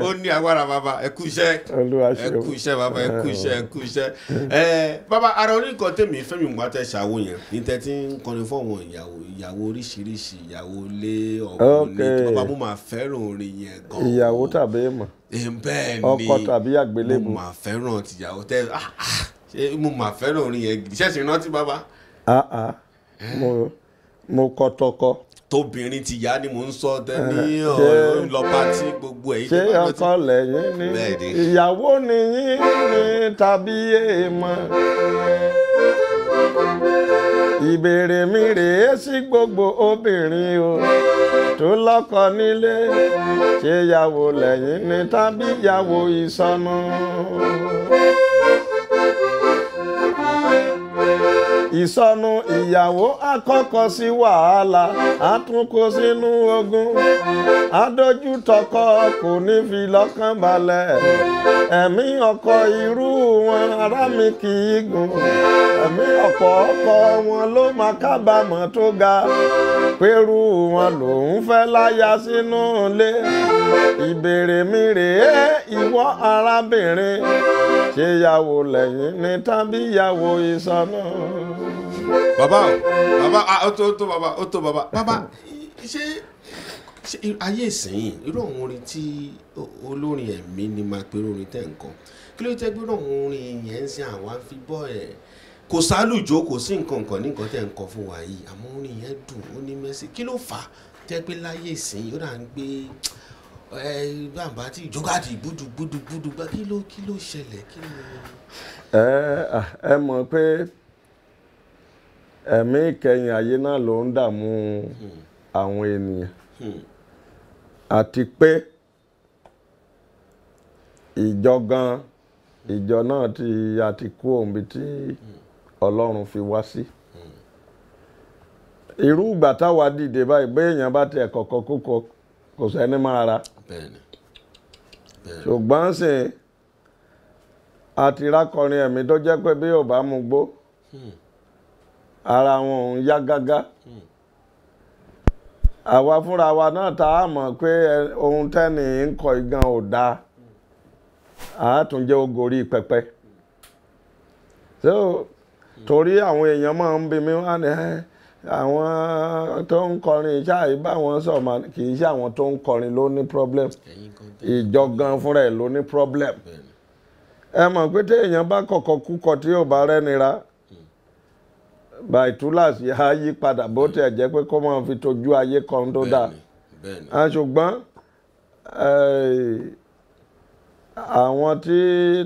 ó ní agbára bàbá ẹ kú iṣẹ́ ẹ kú iṣẹ́ baba ẹ kú iṣẹ́ ẹ kú iṣẹ́ ẹ bàbá ara oníkan tèmi fẹ́mi ìgbà tẹ ṣàwò yẹn ní tẹ ti ń kọrin fọ́wọ́n ìyàwó ìyàwó oríṣiríṣi ìyàwó lé ọ̀gbọ́n lé bàbá mo máa fẹ́ràn orin yẹn gan. ìyàwó tàbí èèmọ̀ ni ọkọ tàbí àgbélébù mo máa fẹ́ràn tìyàwó tẹ ah, ah, mo kọtọkọ. tobirin tóbìnrin ti yá ni mò ń sọ tẹ́ni eh, lọ gbogbo ẹ̀yìn tó bá lọ sí. ṣé ọkọ lẹ́yìn ni ìyàwó ni ni tàbí èèmọ̀. ìbéèrè mi rèé gbogbo obìnrin o tó lọ́kọ nílé ni tàbí ìyàwó ìsọnù. ìsọnù ìyàwó àkọ́kọ́ sí wàhálà àtúnkò sínú ogun adójútọkọ kò ní fi lọ́kàn balẹ̀ ẹ̀mí ọkọ irú wọn ará mi kì í gùn ẹ̀mí ọ̀pọ̀ ọkọ wọn ló máa kábàámọ̀ tó ga pẹ̀rú wọn lòún fẹ́ láya sínú ilé ìbéèrè mi rèé ìwọ arábìnrin ṣéyàwó lẹ́yìn ní tàbí ìsọnù baba o bàbá o tó tó bàbá o tó bàbá bàbá ṣé ṣé ayé ìsìn irú àwọn orin tí olórin ẹ̀mí ni máa pe orin tẹ̀ nǹkan kí ló jẹ́ gbọ́dọ̀ àwọn orin yẹn ń sin àwa fi bọ́ ẹ̀ kò sálùjó kò sí nǹkan kan ní nǹkan tẹ̀ ń kọ fún wa yìí àmọ́ orin yẹn dùn ó ní mẹ́sì kí ló fà á pé láyé ìsìn yóò dà ń gbé ẹ bàbá tí ìjọgàdì gbúdúgbúdúgbúdú kí ló kí ló ṣẹlẹ̀ kí ló. ẹ ẹ mọ̀ pé. ẹ̀mí ìkẹyìn ayé náà ló ń dààmú hmm. àwọn ènìyàn hmm. àti pé ìjọ gan ìjọ náà ti àti kú òǹbi tí ọlọ́run fi wá sí hmm. irú ìgbà táwa dìde báyìí bẹ́ẹ̀ èèyàn bá tiẹ̀ kọ̀kọ́ kókọ kò sẹ́ni máa ra ṣùgbọ́n sì àti rákọrin ẹ̀mí tó jẹ́ pé bí ò bá mu gbó. ara wọn òun yá gágá àwa fúnra wa náà tá a mọ̀ pé ohun tẹ́ni ń kọ igan ò dáa àátúnjẹ́ ogorí pẹpẹ so torí àwọn èèyàn máa ń bi mí wá ní àwọn tó ń kọrin ṣáà bá sọ ma kì í ṣe àwọn tó ń kọrin ló ní problem ìjọ gan fúnra ẹ̀ ló ní problem ẹ mọ̀ pé téèyàn bá kọ̀kọ́ kúkọ tí yóò bá rẹ́nira baitulas yà á yí padà bó tiẹ̀ jẹ́ pé kó máa fi tọ́jú ayé kan tó dáa ah, ṣùgbọ́n eh, àwọn tí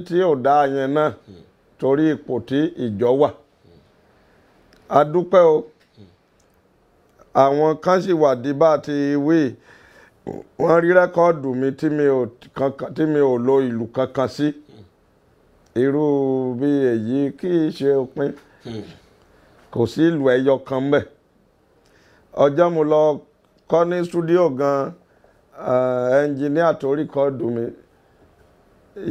tí ò dá yẹn náà hmm. torí ipò tí ìjọ wà hmm. a dúpẹ́ o hmm. àwọn kan sì wà dí bá ti wí wọ́n rí rẹ́kọ́ọ̀dù mi tí mi ò lo ìlú kankan sí irú bí èyí kì í ṣe òpin kò sí ìlú ẹyọ kan mbẹ ọjọ́ mo lọ kọ́ ní stúdíò gan ẹnjìníà eh, tó rìkọ́dù mi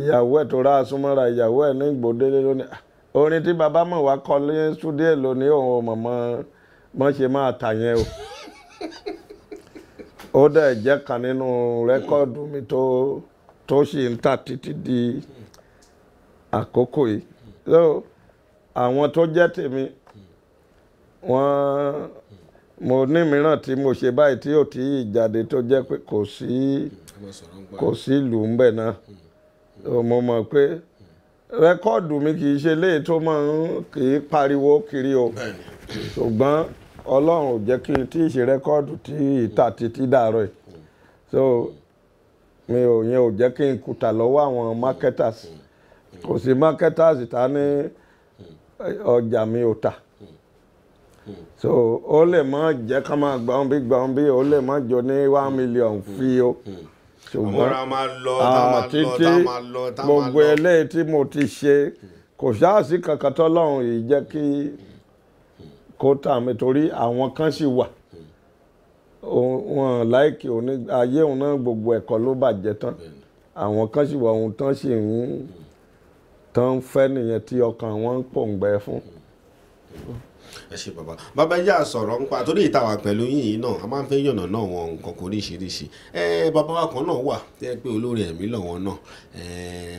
ìyàwó ẹ̀ tó rà súnmọ́ra ìyàwó ẹ̀ ní ìgbòdélé lónìí ah, orin tí bàbá mọ̀ wá kọ́ ní stúdíò lónìí òun ò mọ̀ mọ́ ṣe máa tà yẹn o ó dẹ̀ jẹ́ kan nínú rẹ́kọ́ọ̀dù mi tó tó ṣì ń tà títí di àkókò yìí so àwọn tó jẹ́ tèmi wọn mo ní mìíràn tí mo ṣe báyìí tí ò tí jáde tó jẹ́ pé kò sí kò sí ń mọ̀ pé rẹkọọdù mi kì í ṣe léyìí tó máa ń kì í pariwo kiri o ṣùgbọ́n ọlọ́run ò kí n tí ì ṣe rẹ́kọ́ọ̀dù tí ìta títí so mi ò yẹn ò kí n kùtà àwọn marketers ta ní mi ò ta. so ó lè má jẹ́ ká máa gba ohun bí ó lè má jọ ní one million fi o ṣùgbọ́n àti tí gbogbo eléyìí tí mo ti ṣe kò ṣáàṣì kankan tọ́lọ́run yìí jẹ́ kí kó tà mí torí àwọn kan sì wà wọn láìkí òní ayé òun náà gbogbo ẹ̀kọ́ ló bàjẹ́ tán àwọn kan sì wà ohun tán sì ń tán fẹ́ nìyẹn tí ọkàn wọn ń pòǹgbẹ fún ẹ ṣe bàbá bàbá ẹ jẹ́ ń pa torí ìtawà pẹ̀lú yìnyín náà a máa ń fẹ́ yànnà náà wọn nǹkan kò oríṣiríṣi bàbá wa kan náà wà tẹ́ pé olórin ẹ̀mí lọ́wọ́ náà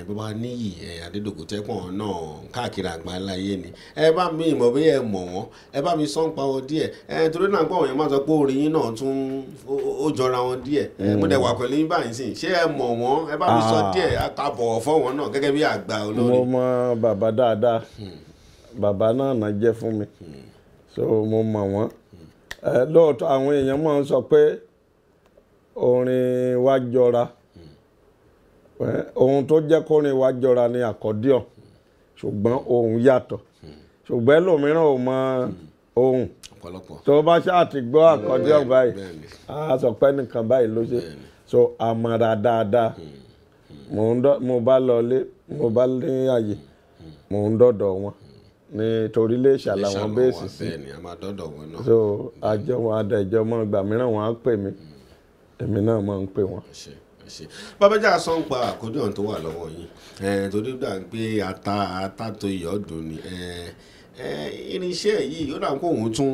bàbá níyì ẹ tẹ́pọ̀n náà káàkiri àgbáláyé ni ẹ bá mi mọ̀ bí ẹ mọ̀ wọ́n ẹ bá mi sọ ń pa wọn díẹ̀ torí náà gbọ́ wọ̀nyẹn máa sọ pé orin yín náà tún ó jọra wọn díẹ̀ mo bàbá náà náà jẹ́ fún mi so mo mọ̀ wọ́n lóòótọ́ àwọn èèyàn máa ń sọ pé orin wa jọra ohun tó jẹ́ kórin wa jọra ni àkọ́díọ̀ ṣùgbọ́n ohun yàtọ̀ ṣùgbọ́n ẹlòmíràn ò mọ ohun tó bá ṣáà gbọ́ àkọ́díọ̀ báyìí a sọ pé nìkan báyìí ló ṣe so àmàrà dáadáa hmm. Hmm. mo bá lọ lé mo bá ní àyè mo ń dọ̀dọ̀ wọn nítorí lè ṣàlàwọn bẹ́ẹ̀sì sí so àjọ wọn adájọ́ mọ́ ìgbà mìíràn wọn á pè mí hmm. èmi náà máa ń pè wọn. bàbájà sọ ń pa àkójọ tó wà lọ́wọ́ yìí torí gbà ń pé ata ata tó iyọ̀ dùn ni irinṣẹ́ yìí yóò dà kó òun tún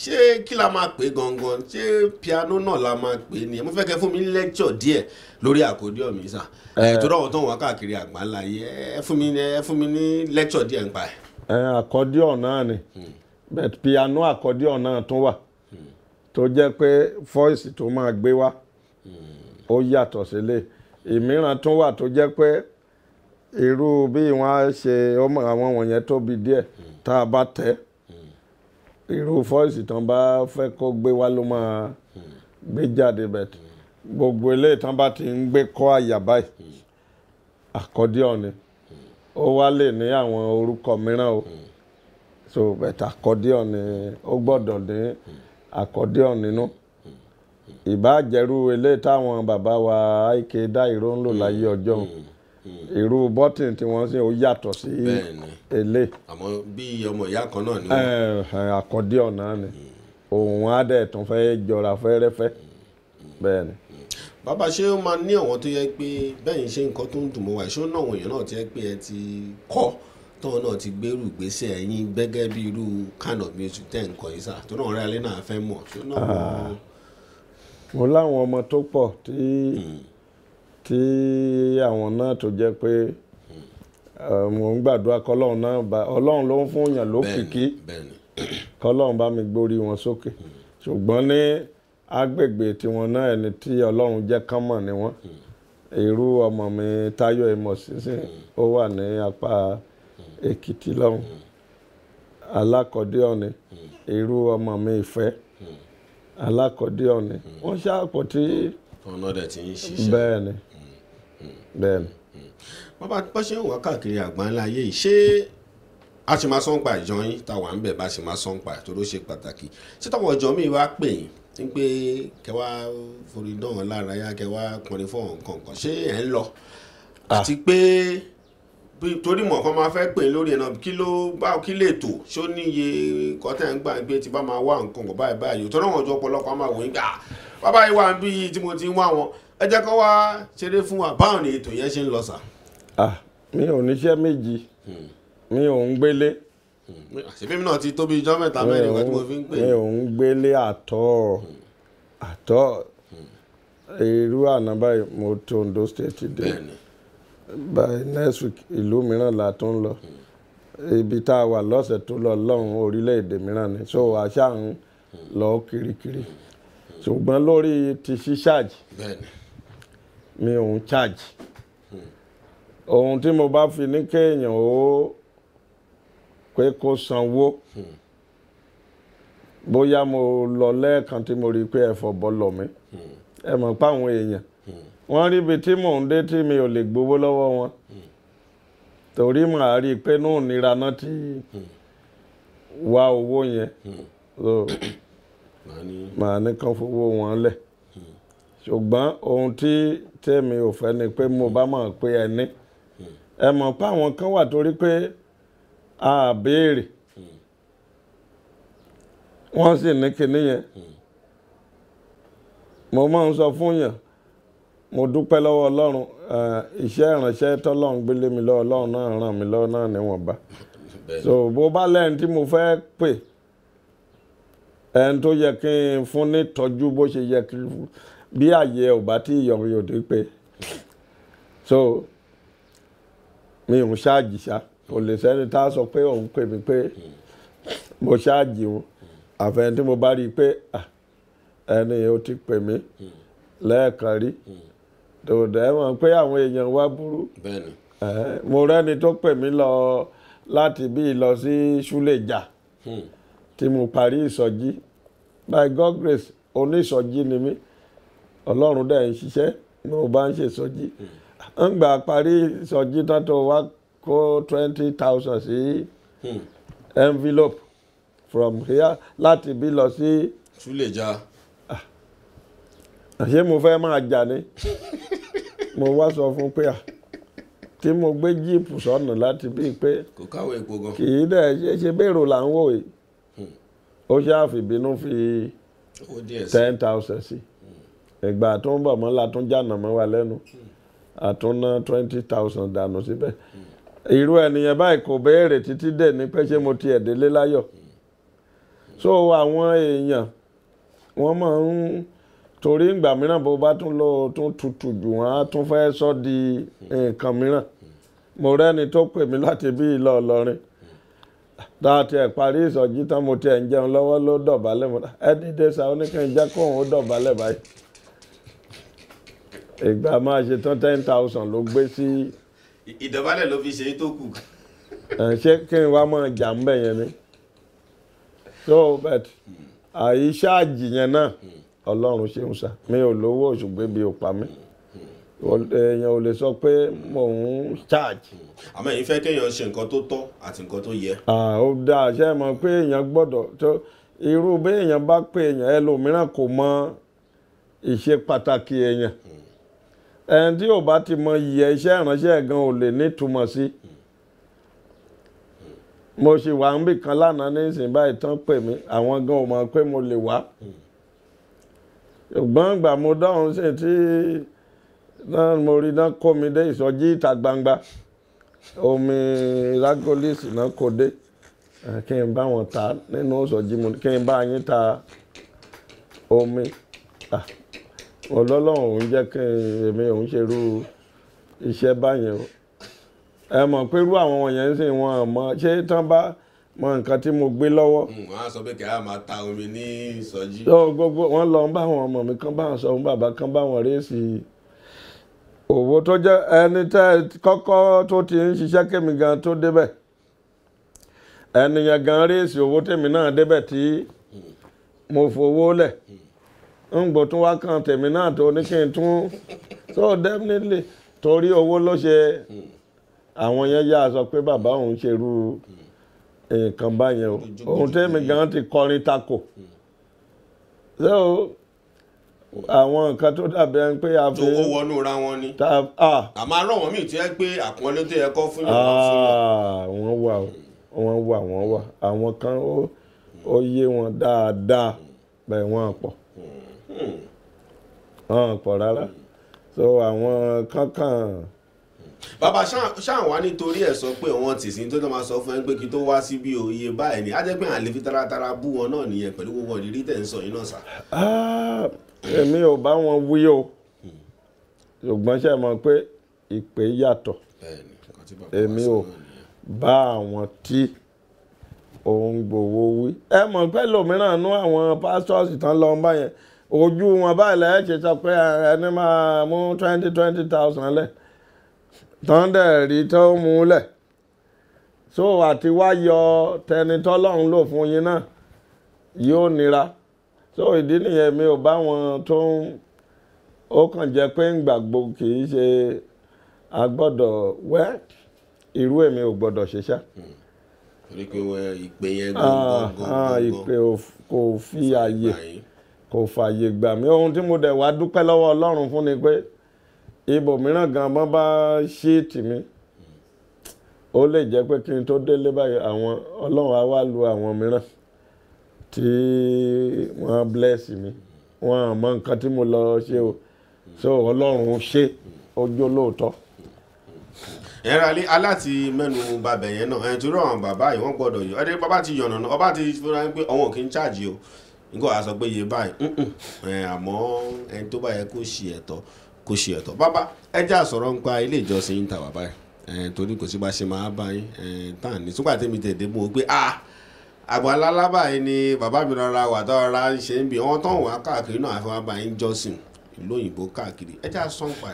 ṣé kí la máa pè gangan ṣé piano náà la máa pè ni mo fẹ́ kẹ́ fún mi lẹ́kṣọ̀ díẹ̀ lórí àkójọ mi sà tó dọ̀wọ́ tó wọn káàkiri àgbáńlá yìí ẹ fún mi ní lẹ́kṣọ̀ díẹ̀ ń pa ẹ̀. accordion náà ni but piano accordion náà tún wà tó jẹ́ pé voice tó máa gbé wá ó yàtọ̀ sílẹ̀ ìmíràn tún wà tó jẹ́ pé irú bí wọ́n á ṣe àwọn wọ̀nyẹn tóbi díẹ̀ tá a bá tẹ̀ irú voice tán bá fẹ́ kó gbé wá ló máa gbé jáde but gbogbo eléyìí tán bá ti ń gbé kọ́ àyà báyìí accordion ni. Mm. ó wá lè ní àwọn orúkọ mìíràn o hmm. so bẹ̀tẹ̀ accordion ni ó gbọ́dọ̀ ní hmm. accordion nínú hmm. ìbáàjẹ́rú eléyìí táwọn bàbá wa IK Dairo ń lò láyé ọjọ́ irú bọ́tìn tí wọ́n ṣe ó yàtọ̀ sí ilé àmọ́ bí ọmọ ìyá kan náà ni. accordion náà ni òun á dẹ̀ tún fẹ́ jọra fẹ́rẹ́fẹ́ bẹ́ẹ̀ ni. bàbá ṣé ó máa ní àwọn tó yẹ pé bẹ́yìn ṣe nǹkan tó ń dùn mọ́ wa ìṣó náà àwọn èèyàn náà ti yẹ pé ẹ ti kọ́ tọ́wọ́ náà ti gbèrú ìgbésẹ̀ ẹ̀yìn gẹ́gẹ́ bí irú kind of music tẹ́ ń kọ́ yìí sá tó náà rẹ́ alẹ́ náà fẹ́ mọ̀ ṣó náà wọ́n. Ah. mo láwọn ọmọ tó pọ̀ tí hmm. tí àwọn náà tó jẹ́ pé mo hmm. eh, ń gbàdúrà kọ́lọ́run náà bá ọlọ́run ló ń fún yàn lókìkí kọ́lọ́run bá mi gbórí wọn sókè hmm. ṣùgbọ́n ní àgbègbè tiwọn náà ẹni tí ọlọ́run jẹ́ kán ni wọ́n hmm. irú ọmọ mi Táyọ̀ Ìmọ̀sínsìn hmm. ó wà ní apá hmm. Èkìtì lọ́hùn alákọ̀dé ọ̀nì irú ọmọ mi Ìfẹ́ alákọ̀dé ọ̀nì wọ́n ṣàpọ̀ tí. ọ̀nà rẹ̀ ti ń ṣiṣẹ́ bẹ́ẹ̀ ni bẹ́ẹ̀ ni. bàbá bá ṣe ń wá káàkiri àgbáńlá ayé yìí ṣé a ṣe máa sọ́npa ìjọ yín táwa ń bẹ̀ bá ṣe máa sọ́npa tó ló ṣe pàtàkì ṣé táwọn ọjọ́ mi wá pè yín wípé kẹwa forí dán wọn lára yá kẹwa kọrin fún ọ̀hún kankan ṣé ẹ̀ ń lọ àti pé torí mọ̀ kọ́ máa fẹ́ pè é lórí ẹ̀ náà kí ló bá kí lè tò ṣó níye kọ́tẹ́ ń gbà pé tí bá máa wá nǹkan kò báyìí báyìí ò tọ́lọ́wọ̀n jọ ọ̀pọ̀lọpọ̀ máa wò ń gbà bàbá yìí wà ń bí tí mo ti ń wá wọn ẹ jẹ́ kó wá ṣeré fún wa báwọn ni ètò yẹn ṣe ń lọ sà. mi ò níṣẹ́ méjì hmm. mi ò ń gbélé Mm. ṣèfíìmù náà ti tóbi ijọ́ mẹ́ta mẹ́rin nǹkan tí mo fi ń pè é. mi ò ń gbélé àtọ́ mm. àtọ́ mm. irú àná báyìí mo tó Ondo state dé by next week ìlú mìíràn la tún lọ ibi tá a wà lọ́sẹ̀ tó lọ lọ́hùn orílẹ̀-èdè mìíràn ni so àṣà ń lọ kirikiri ṣùgbọ́n lórí ti ṣí ṣáàjì mi ò ń ṣáàjì ohun tí mo bá fi ní kéèyàn ó pé kó sanwó hmm. bóyá mo lọ lẹ́ẹ̀kan tí mo rí i pé ẹ̀fọ́ bọ́ lọ mi hmm. ẹ mọ̀ pé àwọn èèyàn hmm. wọ́n rí ibi tí mò ń dé tí mi ò lè gbowó lọ́wọ́ wọn torí màá rí i pé náà nira náà ti wá owó yẹn màá ní kán fowó wọn lẹ̀ ṣùgbọ́n ohun tí tèmi ò fẹ́ ni pé mo bá mọ̀ pé ẹni ẹ mọ̀ pé àwọn kan wà torí pé a béèrè wọ́n sì ní kinní yẹn mo máa ń sọ fún yàn mo dúpẹ́ lọ́wọ́ ọlọ́run iṣẹ́ ìrànṣẹ́ tọ́lọ́run gbélé mi lọ́wọ́ ọlọ́run náà ràn mí lọ́wọ́ náà níwọ̀nba so bó bá lẹ́yìn tí mo fẹ́ pè ẹni tó yẹ kí n fún ní tọ́jú bó ṣe yẹ kí n fún bí àyè ò bá tí ìyọ̀rìyòdì pé so mi ò ń ṣáàjì ṣáà kò lè sẹ́ni tá a sọ pé òun pè mí pé mo ṣáàjì wọn àfẹn tí mo bá rí i pé ẹni o ti pè mí lẹ́ẹ̀kan rí dòdò ẹ mọ̀ pé àwọn èèyàn wa burú mo rẹ́ni tó pè mí lọ láti bí lọ sí ṣúlẹ̀jà hmm. tí mo parí ìsọjí by God grace oníṣọjí ni mí ọlọ́run dẹ̀ ń ṣiṣẹ́ mo bá ń ṣe ìsọjí ń hmm. gbà parí ìsọjí tó wá kó twenty thousand sí hmm. envelope from here láti bí lọ sí. Suleja. Ah. ṣé mo fẹ́ máa jà ni mo wá sọ fún pé à tí mo gbé jíìpù sọ́nà láti bíi pé kò káwé epo gan kì í dẹ̀ ṣe ṣe bẹ́ẹ̀rù là ń wò yìí hmm. ó ṣáà fìbínú fi ten thousand sí hmm. ìgbà tó ń bọ̀ mọ́ la tún jànà mọ́ wa lẹ́nu àtúná twenty thousand dànù síbẹ̀. Hmm irú ẹnìyẹn báyìí kò béèrè títí dẹ̀ ní pé ṣé mo ti ẹ̀dẹ́lé láyọ̀ so àwọn èèyàn wọ́n máa ń torí ìgbà mìíràn bó bá tún lọ tún tutù jù wọ́n á tún fẹ́ sọ di nǹkan mìíràn mo rẹ́ni tó pè mí láti bí ìlọ Ìlọrin tá a tiẹ̀ parí ìsọjí tán mo tiẹ̀ ń jẹun lọ́wọ́ ló dọ̀bálẹ̀ mo dá ẹni dé sa oníkẹ́yìn jẹ́ kóun ó dọ̀bálẹ̀ báyìí ìgbà máa ṣe tán ten thousand ló gbé sí. Si, ìdọ̀bálẹ̀ ló fi ṣe é tó kù. ṣé kí n wá mọ̀ jà ń bẹ̀ yẹn ni so but àyíṣáàjì yẹn náà ọlọ́run ṣe ń sa mi ò lówó òṣùgbé bí o pa mí èèyàn ò lè sọ pé mò ń charge. àmọ́ èyí fẹ́ kéèyàn ṣe nǹkan tó tọ́ àti nǹkan tó yẹ. ó dáa ṣe é mọ̀ pé èèyàn gbọ́dọ̀ tó irú bí èèyàn bá pè èèyàn ẹlòmíràn kò mọ ìṣe pàtàkì èèyàn. Mm ẹni tí ò bá ti mọ ìyẹ iṣẹ́ ìránṣẹ́ gan ò lè nítumọ̀ sí mo ṣì wà ń bì kan lánàá ní ìsìn báyìí tán pè mí àwọn gan ò mọ̀ pé mo lè wá ṣùgbọ́n ìgbà mo dọ́hùn sí tí náà mo rí náà kó mi dé ìsọjí ìta gbangba omi ragolisi náà kò dé kí n bá wọn ta nínú ìsọjí mo kí n bá yín ta omi. Ah ọlọ́lọ́run òun jẹ́ kí èmi òun ṣe irú iṣẹ́ báyẹn o ẹ mọ̀ pé irú àwọn wọ̀nyẹn ń sìn wọn mọ̀ ṣé tán bá mọ nǹkan tí mo gbé lọ́wọ́. wọ́n á sọ pé kí a máa ta omi ní ìsọjí. gbogbo wọn lọ ń bá àwọn ọmọ mi kán bá wọn sọ fún bàbá kán bá wọn rèésì òwò tó jẹ́ ẹni tẹ́ kọ́kọ́ tó ti ń ṣiṣẹ́ kémi gan tó débẹ̀ ẹnìyàn gan rèésì òwò tèmi náà débẹ̀ tí hmm. mo fowó lẹ̀. Mm ń gbọ́ tún wá kan tèmi náà tó ní kí n tún so definitely torí owó ló ṣe àwọn yẹn yá sọ pé bàbá òun ṣerú nǹkan báyẹn o òun tèmi gan ti kọrin tako so àwọn nǹkan tó dàbí ẹni pé a fi. tó wọnú ra wọn ni. ta ah. àmọ́ ará wọn mi ti ẹ pé àpọ́nlé tó yẹ kọ́ fún yàrá fún yàrá. Ah, wọ́n wà wọ́n wà wọ́n wà àwọn kan ó yé wọn dáadáa bẹ́ẹ̀ wọ́n pọ̀ hàn pọ̀ rárá so àwọn kankan. bàbá ṣáà wá nítorí ẹ sọ pé wọn tì sí tó tó máa sọ fún ẹ pé kí tó wá sí bí òye báyìí ni á jẹ́ pé à lè fi taratara bú wọn náà nìyẹn pẹ̀lú gbogbo ìrírí tẹ̀ ń sọ yìí náà sà. Ah, èmi ò bá wọn wí o ṣùgbọ́n ṣe mọ̀ pé ìpè yàtọ̀ èmi ò bá àwọn tí òun gbowó wí ẹ mọ̀ pé lòmíràn nú àwọn pastors ìtàn lọ́nbá yẹn ojú wọn báyìí lẹ́yìn ṣe sọ pé ẹni máa mú twenty twenty thousand lẹ̀ tọ́ndẹ̀ rí tó mú lẹ̀ so àti wá yọ tẹni tọ́lọ́run lò fún yín náà yóò nira so ìdí nìyẹn mi ò bá wọn tó ń ó kàn jẹ́ pé ń gbàgbọ́ kì í ṣe agbọ́dọ̀ wẹ́ irú èmi ò gbọ́dọ̀ ṣiṣẹ́. torí pé ìpè yẹn ah, gbọ́ngbọ́ngbọ́ngbọ́n ah, ìpè kò fi àyè kò fààyè gbà mí ohun tí mo dẹ̀ wá dúpẹ́ lọ́wọ́ ọlọ́run fún ni pé ibòmíràn gan bọ́n bá ṣíìtì mi ó lè jẹ́ pé kí n tó délé báyìí àwọn ọlọ́run á wá lu àwọn mìíràn tí wọ́n bless mi wọ́n mọ nǹkan tí mo lọ ṣe o so ọlọ́run ṣe ojú olóòótọ́ ẹ̀rọ aláti mẹ́nu babẹ̀ yẹn náà ẹ̀ torí àwọn bàbá yìí wọ́n gbọ́dọ̀ yọ ẹ̀ bàbá ti yọ̀nà ọba ti fúnra pé àwọn ò kí ń ṣáàjì o nǹkan àá sọ pé iye báyìí àmọ́ ẹni tó bá yẹ kó ṣe ẹ̀tọ́ kó ṣe ẹ̀tọ́ bàbá ẹ jẹ́ àsọ̀rọ̀ nípa ilé ìjọsìn yìí tàwa báyìí torí kò sí bá ṣe máa bá yín tán ní súpà tèmi tètè mú o pé ah àgbàlá lábà yìí ni bàbá mi rọra wà tó rọra ń ṣe ń bì wọ́n tán wà káàkiri náà àfi wọ́n bá yín jọ́sìn ìlú òyìnbó káàkiri ẹ jẹ́ àsọ̀npa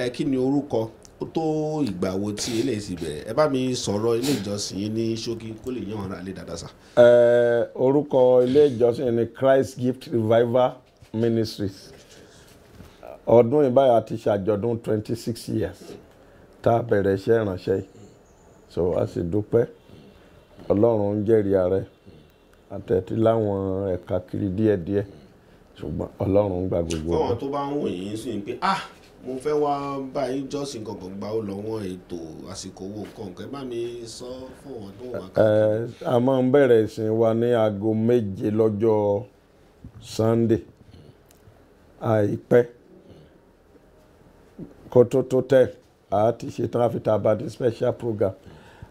ẹ kí ni orúkọ ó tó ìgbà wo tí eléyìí ti ẹ bá mi sọ̀rọ̀ ilé ìjọsìn yìí ní ṣókí kó lè yàn ara lè dáadáa sà. orúkọ ilé ìjọsìn ni Christ Gift Revival Ministries ọdún ìbáyà ti ṣàjọdún twenty six years tá a bẹ̀rẹ̀ iṣẹ́ ìránṣẹ́ yìí so a sì dúpẹ́ ọlọ́run ń jẹ́rìí ààrẹ àtẹ̀tí láwọn ẹ̀ka kiri díẹ̀díẹ̀ ṣùgbọ́n ọlọ́run ń gba gbogbo. fọwọ́n tó bá ń wò yín sí ni pé ah mo fẹ́ wá báyìí jọ́sìn kankan gba ó lọ́wọ́ ètò àsìkò owó kọ̀ọ̀kan bá mi sọ fún wọn tó wà káàkiri. a máa ń bẹ̀rẹ̀ ìsìn wa ní aago méje lọ́jọ́ sunday àìpẹ́ kó tó tó tẹ̀ a ti ṣe tráfítà bá special program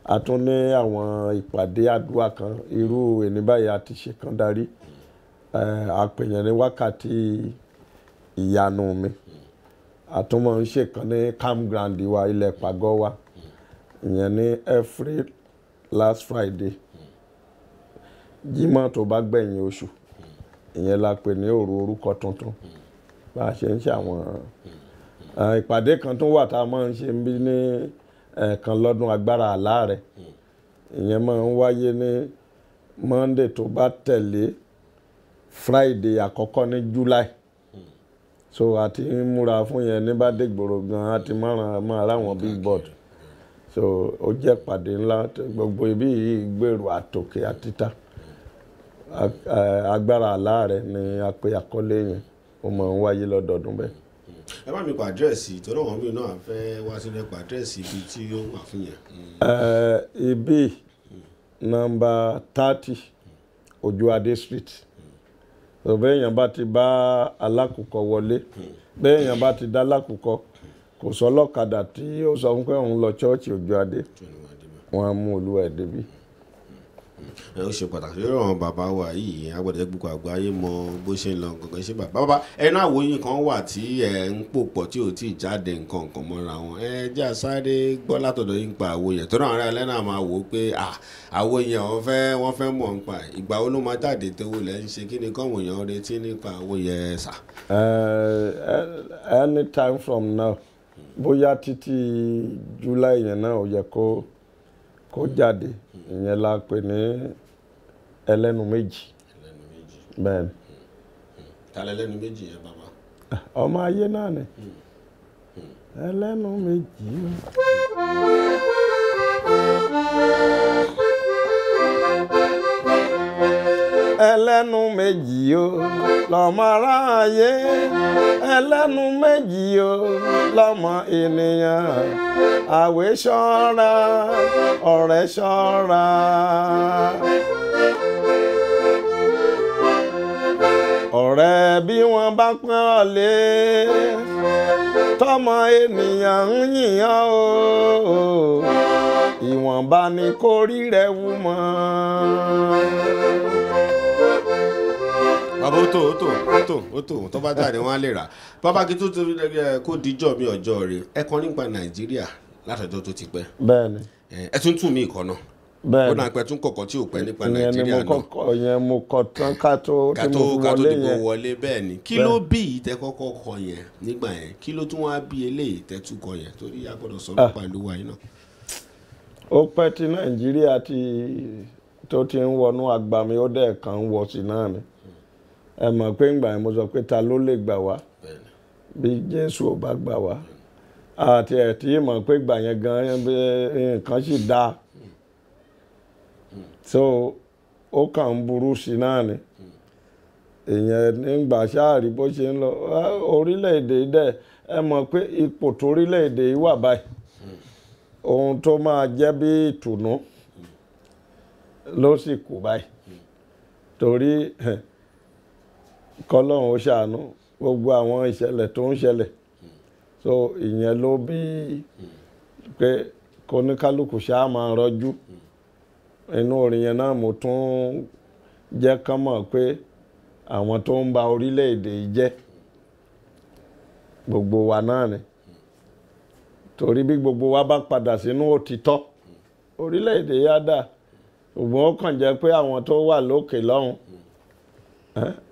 a tún ní àwọn ìpàdé àdúrà kan irú ẹni báyìí a ti ṣe kan darí àpèyàn ní wákàtí ìyanu mi. Mm àtúmọ̀ ń ṣèkan ní campground wa ilẹ̀ pàgọ́ wa ìyẹn ní every last Friday Jímọ̀ tó bá gbẹ̀yìn oṣù ìyẹn la pè ní òru orúkọ tuntun bá a ṣe ń ṣe àwọn ìpàdé kan tó wà tá a máa ń ṣe bí ní ẹ̀ẹ̀kan lọ́dún agbára àlá ìyẹn máa ń wáyé ní Monday tó bá tẹ̀lé Friday àkọ́kọ́ ní July. so a ti múra fún yẹn ní bá dègbòrò gan a ti máa máa ráwọn big board so ó jẹ pàdé ńlá gbogbo ibi yìí gbèrò àtòkè àtìta agbára àlá ni a pe àkọlé yẹn ó máa ń wáyé lọ́dọọdún bẹ́ẹ̀. ẹ bá mi pa àdírẹ́sì náà fẹ́ ibi tí ó wà fún yẹn. ibi thirty Ojú street. bẹ́ẹ̀yàn bá ti bá alákùkọ wọlé bẹ́ẹ̀yàn bá ti dá alákùkọ kò sọ ọlọ́kadà tí ó sọ fún pé òun lọ ṣọ́ọ̀ṣì òjò adé wọn á mú olúwa ẹ̀ débi ẹ ó ṣe pàtàkì lórí ọ̀ràn bàbá wa yìí agbọ̀dẹ̀ gbogbo àgbáyé mọ bó ṣe ń lọ gọ̀gẹ́ ṣe bàbá bàbá ẹnu àwòyìn kan wà tí ẹ ń pò pọ̀ tí ò tí ì jáde nǹkan kan mọ́ra wọn ẹ jẹ́ àsáré gbọ́ látọ̀dọ̀ yín pa àwòyìn tó náà alẹ́ náà máa wò ó pé àwòyìn wọ́n fẹ́ wọ́n fẹ́ mọ̀ nípa ìgbà wo ló máa jáde tó wò lẹ́ ń ṣe kí ni kọ́wọ̀n èèyàn retí nípa anytime from now bóyá títí July yẹn náà ò yẹ kó jáde ìyẹn la pè ní ẹlẹ́nu méjì. ẹlẹ́nu méjì. bẹ́ẹ̀ni. tálẹ̀ ẹlẹ́nu méjì yẹn bàbá. ọmọ ayé náà ni hmm. Hmm. ẹlẹ́nu méjì. ẹlẹ́nu méjì o lọ́mọ aráyé ẹlẹ́nu méjì o lọ́mọ ènìyàn àwẹ̀ ṣọ́ra ọ̀rẹ́ ṣọ́ra. ọ̀rẹ́ bí wọ́n bá pọ́n ọ lé tọmọ ènìyàn ń yìnyàn o ìwọ̀nba ni kórìí rẹ̀ wù mọ́ bàbá ó tó ó tó ó tó ó tó tó bá jáde wọn á lè rà bàbá kí tó tó kó díjọ́ mi ọjọ́ rẹ̀ ẹ kọ́ nípa nàìjíríà látọjọ́ tó ti pẹ́. bẹ́ẹ̀ni. ẹ tún tún mí ìkọ náà bẹ́ẹ̀ni ó náà pẹ tún kọkọ tí ò pẹ́ nípa nàìjíríà náà ìyẹn mo kọ tán ká tó tí mo fi wọlé yẹn ká tó dìbò wọlé bẹ́ẹ̀ni kí ló bí ìtẹ kọkọ kọ yẹn nígbà yẹn kí ló tún wá bí eléyìí tẹ tún kọ yẹn torí a gbọ́dọ̀ sọ ah. nípa ìlú wa yìí náà. ó pẹ́ tí nàìjíríà tó ti ń wọnú àgbàmí ó dẹ̀ kàn ń wọ sí náà ni. ẹ mọ̀ pé ńgbà yẹn mo sọ pé ta ló lè gbà wá bí Jésù ò bá gbà wá àti ẹ̀ tí pé gbà yẹn gan nǹkan sì dáa so ó kàn ń burú sí náà ni èèyàn nígbà sáàrí bó ṣe ń lọ orílẹ̀-èdè dẹ̀ ẹ mọ̀ pé ipò torílẹ̀-èdè yìí wà báyìí ohun tó máa jẹ́ bí ìtùnú ló sì kù báyìí torí kọ́lọ́run ó ṣàánú gbogbo àwọn ìṣẹ̀lẹ̀ tó ń ṣẹlẹ̀ so ìyẹn ló bí pé kóníkálukú ṣáà máa rọjú inú orin yẹn náà mo tún jẹ́ kán mọ̀ pé àwọn tó ń ba orílẹ̀-èdè jẹ́ gbogbo wa náà ni torí bí gbogbo wa bá padà sínú òtítọ́ orílẹ̀-èdè yá dà ṣùgbọ́n ó kàn jẹ́ pé àwọn tó wà lókè lọ́hùn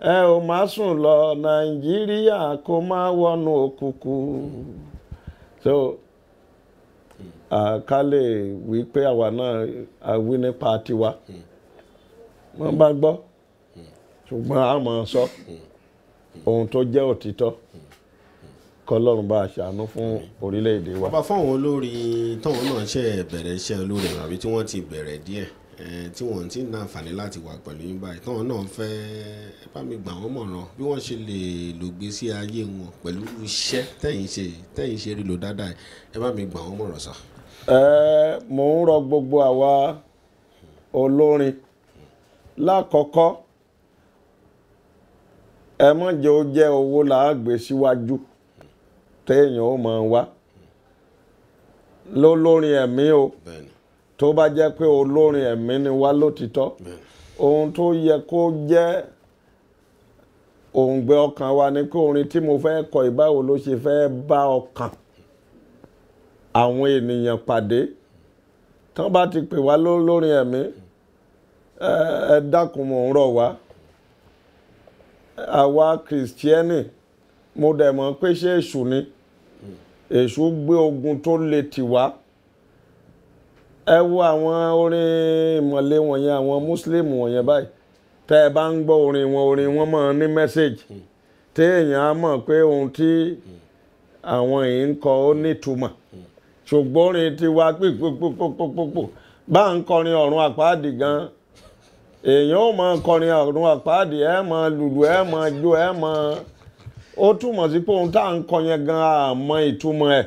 ẹ ò má sùn lọ nàìjíríà kó má wọnú òkùnkùn so ká lè wí pé àwa náà a wí nípa tiwa wọ́n bá gbọ́ ṣùgbọ́n a máa sọ ohun tó jẹ́ òtítọ́ kọlọ́run bá a ṣàánú fún orílẹ̀-èdè wa. bàbá fáwọn olórin táwọn náà ṣe bẹ̀rẹ̀ iṣẹ́ olórin àbí tí wọ́n ti bẹ̀rẹ̀ díẹ̀ Eh, tí wọ́n ti ní àǹfààní láti wà pẹ̀lú yín báyìí táwọn náà fẹ́ ẹ bá mi gbà wọ́n mọ̀ràn bí wọ́n ṣe lè lògbé sí ayé wọn pẹ̀lú iṣẹ́ tẹ̀yìn ṣe tẹ̀yìn ṣe rí lò dáadáa ẹ bá mi gbà wọ́n mọ̀ràn sá. ẹ mò ń rọ gbogbo àwa olórin lákọ̀ọ́kọ́ ẹ mọ̀ jẹ́ ó jẹ́ owó làágbé síwájú téèyàn ó máa wá lólórin ẹ̀mí o. Bẹ́ẹ̀ni tó bá jẹ́ pé olórin ẹ̀mí ni wá lótìtọ́ ohun tó yẹ kó jẹ́ òǹgbẹ ọkàn wa ni pé orin tí mo fẹ́ kọ ìbáwo ló ṣe fẹ́ bá ọkàn àwọn ènìyàn pàdé tán bá ti pè wá lórin ẹ̀mí ẹ dákun mò ń rọ̀ wá àwa kìrìsìtíẹ́nì mo dẹ̀ mọ̀ pé ṣé èṣù ni èṣù gbé ogun tó le tì wá. ẹ wo àwọn orin ìmọ̀le wọ̀nyẹn àwọn muslim wọ̀nyẹn báyìí tẹ́ ẹ bá ń gbọ́ orin wọn orin wọn máa ní mẹ́sẹ̀gì hmm. téèyàn á mọ̀ pé ohun tí àwọn yìí ń kọ ó nítumọ̀ hmm. ṣùgbọ́n orin ti wá pípòpòpòpò bá ń kọrin ọ̀run àpáàdì gan èèyàn ó máa kọrin ọ̀run àpáàdì ẹ máa lùlù ẹ máa jó ẹ máa ó túmọ̀ sí gan àmọ́ ìtumọ̀ ẹ̀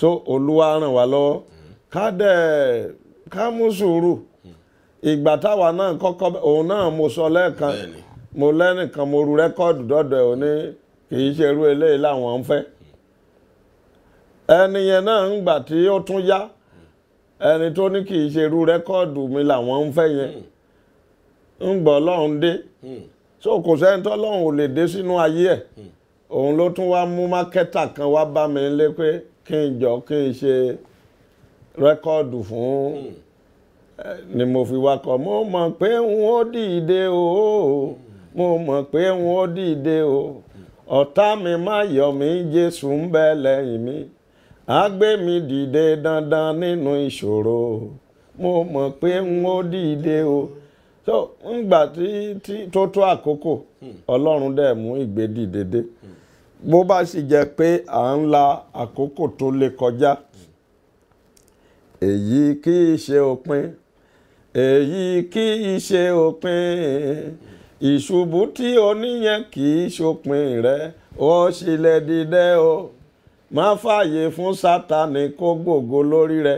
so olúwa ràn wá lọ́wọ́. ká dẹ̀ ká ìgbà táwa náà kọ́kọ́ òun náà mo sọ lẹ́ẹ̀kan mo kan mo ru rẹ́kọ́ọ̀dù dọ́dọ̀ òní kì í ṣe irú eléyìí làwọn ẹni yẹn náà ń gbà tí ó tún yá ẹni tó ní mi hmm. hmm. so hmm. òun ló tún wá mú mákẹ́tà kan wá bá mi lé pé jọ kí n rẹ́kọ́ọ̀dù fún hmm. ni mo fi wakọ̀ mo mọ̀ pé n ó dìde o hmm. mo mọ̀ pé n ó dìde o ọ̀tá mi má yọ̀ mí Jésù ń bẹ lẹ́yìn mi á gbé mi dìde dandan nínú ìṣòro mo mọ̀ pé n ó dìde o so ngbà tí tí tó tó àkókò hmm. Ọlọ́run dẹ̀ mú ìgbé dìde dé bó bá sì jẹ́ pé à ń la àkókò tó lè kọjá. Hmm èyí kì í ṣe òpin èyí kì í ṣe òpin ìṣubú tí o níyẹn kì í ṣòpin rẹ ó ṣílẹ̀ dídẹ́ o má fààyè fún sátani kó gbògo lórí rẹ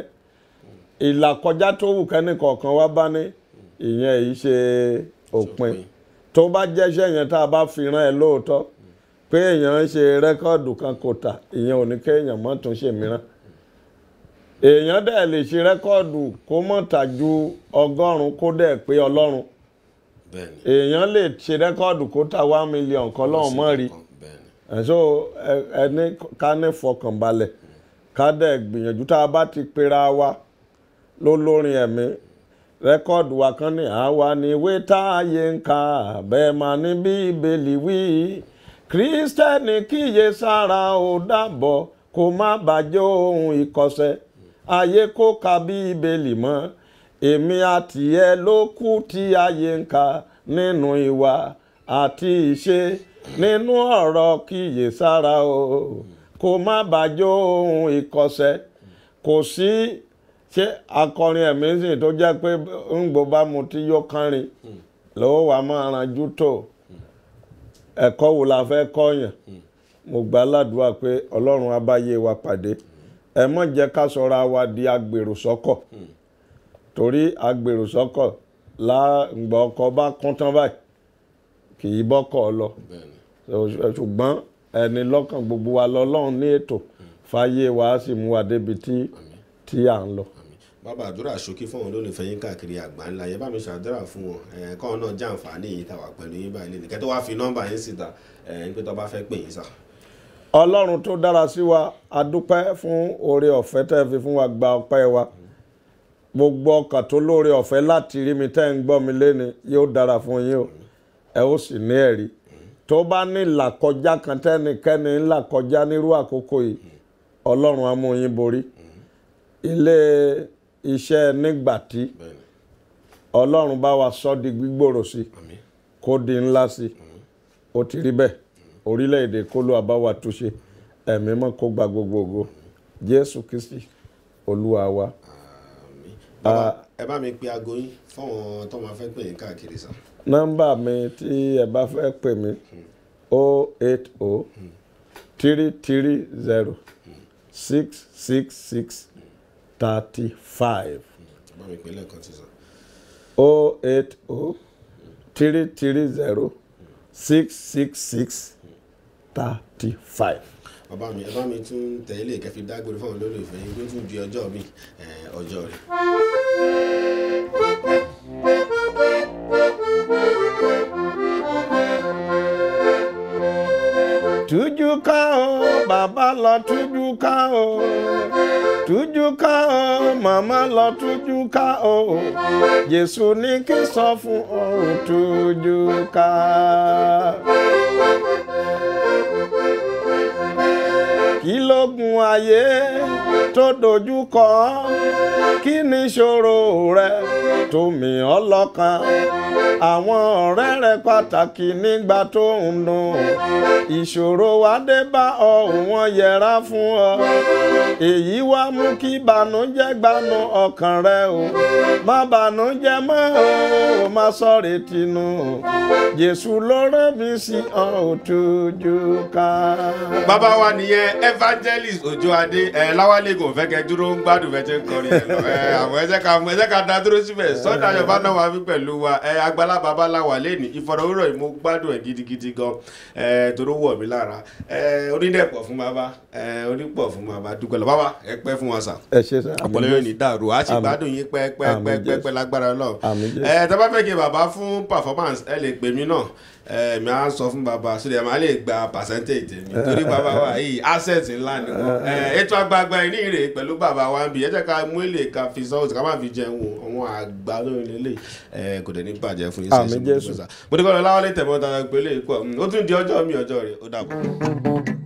ìlàkọjá tó wù kẹ́nìkọ̀ọ̀kan wá bá ní ìyẹn èyí ṣe òpin tó bá jẹ́ṣẹ́ yẹn tá a bá fi rán ẹ lóòótọ́ pé èèyàn ń ṣe rẹ́kọ́ọ̀dù kan kò tà ìyẹn ò ní kéèyàn mọ́ ṣe mìíràn èèyàn dẹ̀ lè ṣe rẹ́kọ́ọ̀dù kó mọ̀ tà ju ọgọ́rùn-ún kó dẹ̀ pé ọlọ́run èèyàn lè ṣe rẹ́kọ́ọ̀dù kó ta one million kan lọ́hùn mọ́ rí ẹ̀ṣọ́ ẹni ká ní fọkànbalẹ̀ ká dẹ̀ gbìyànjú tá a bá ti pera wa lólórin ẹ̀mí rẹ́kọ́ọ̀dù wa kan ní àwa ni ìwé táàyè ń ka bẹ́ẹ̀ máa ní bíbélì wí kírísítẹ́nì kíyè sára ó dàbọ̀ kó má bàjẹ́ ohun ìkọsẹ̀ ayé kó ka bíbélì mọ́ èmi àti ẹ ló kù tí ayé ń kà nínú ìwà àti ìṣe nínú ọ̀rọ̀ kíyèsára o kó má bàjọ́ ohun ìkọsẹ̀ kò sí ṣé akọrin ẹ̀mí sìn tó jẹ́ pé ń gbọ́ mu tí yóò kánrin lọ́wọ́ wa máa ranjú tó ẹ̀kọ́ wo la fẹ́ kọ́ yàn mo gbà ládùúrà pé ọlọ́run abáyé wa pàdé. ẹ mọ jẹ ká sọra wa di agbèrò sọkọ hmm. torí agbèrò sọ́kọ̀ láǹgbà ọkọ bá kún tán báyìí kì í bọ́kọ̀ lọ ṣùgbọ́n ẹni lọ́kàn gbogbo wa lọ́lọ́run ní ètò hmm. fàyè wa sì mú wa débi tí tí à ń lọ. bàbá àdúrà ṣókí fún wọn lólùfẹ́ yín káàkiri àgbà ńlá yẹn bá mi ṣàdúrà fún wọn kọ́ọ̀ náà jàǹfààní yìí wà pẹ̀lú yín báyìí nìkẹ́ tó wá fi nọ́mbà yín síta ń pé tó bá fẹ́ pè yín sá. ọlọ́run tó dára sí wa a dúpẹ́ fún oore ọ̀fẹ́ tẹ́ fi fún wa gba ọpẹ́ wa gbogbo ọkàn tó lóore ọ̀fẹ́ láti rí mi tẹ́ ń gbọ́ mi léni yóò dára fún yín o ẹ ó sì ní ẹ̀rí tó bá ní ìlàkọjá kan tẹ́nikẹ́ni ńlàkọjá nírú àkókò yìí ọlọ́run á mú yín borí ilé iṣẹ́ nígbàtí ọlọ́run bá wa sọ́ di gbígbòrò sí kó di ńlá sí ó ti rí bẹ́ẹ̀ orílẹ̀-èdè kólú àbáwá túnṣe ẹ̀mí mọ́ kó gba gbogbo ògo jésù kristi olúwa wa. ẹ bá mi pe aago yín fáwọn tó máa fẹ́ pè yín káàkiri sàn. nọ́mbà mi tí ẹ bá fẹ́ pè mí o oh eight o oh three three zero six six six thirty five. ẹ bá mi pe lẹ́ẹ̀kan ti sàn. o oh eight o three three zero six six six thirty five. bàbá mi bàbá mi tún tẹ ilé ìkẹfì dágbére fún àwọn olólùfẹ́ yín tó tún di ọjọ́ mi ọjọ́ rẹ̀. thank you tújú ká o bàbá lọ tújú ká o tújú ká o màmá lọ tújú ká o Jésù ní kí sọ fún ọ tújú ká. kí lógun ayé tó dojú kọ ọ́ kí ni ṣòro rẹ tómi ọlọ́kan àwọn ọ̀rẹ́ rẹ pàtàkì nígbà tó ń dùn ìṣòro wá dé bá ọ wọ́n yẹra fún ọ èyí wá mú kí bànújẹ́ gbanú ọkàn rẹ o má bànújẹ́ mọ́ o má sọ̀rọ̀ tinú Jésù ló rán sí ọ òtújú ká. bàbá wa nìyẹn evangelist Òjó Adé ẹ̀ láwálé kò fẹ́ kẹ́ dúró ń gbádùn fẹ́ tẹ́ ń kọrin àwọn ẹ̀jẹ̀ ká àwọn síbẹ̀ sọ́dà yorùbá náà wà fi pẹ̀lú wa agbálá bàbá làwà lẹ́nu ìfọ̀rọ̀wérọ̀ yìí mo gbádùn ẹ̀ gidigidi gan toró wọ̀ mí lára onídẹ̀pọ̀ fún bàbá onípọ̀ fún bàbá dúpẹ́ lọ bàbá ẹ pẹ́ fún wọn sà àpọ̀lẹ́ yóò ní dàrú a sì gbádùn yín pẹ́ẹ́pẹ́ẹ́pẹ́ lágbára Ọlọ́run tẹ́ bá fẹ́ kí bàbá fún performance ẹ lè pè mí náà mi á sọ fún bàbá sílẹ̀ máa lè gba percentage tèmi torí bàbá wa yìí asset ńlá ni wọn ètò àgbààgbà ìní ìrè pẹ̀lú bàbá wa ń bi ẹ ká mú èlé ká fi sọ́wọ́ sí ká má fi jẹun àwọn àgbà lórí kò dé ní bàjẹ́ fún yín sẹ́yìn sí mo dúpẹ́ lọ́wọ́ ó tún mi ọjọ́ rẹ̀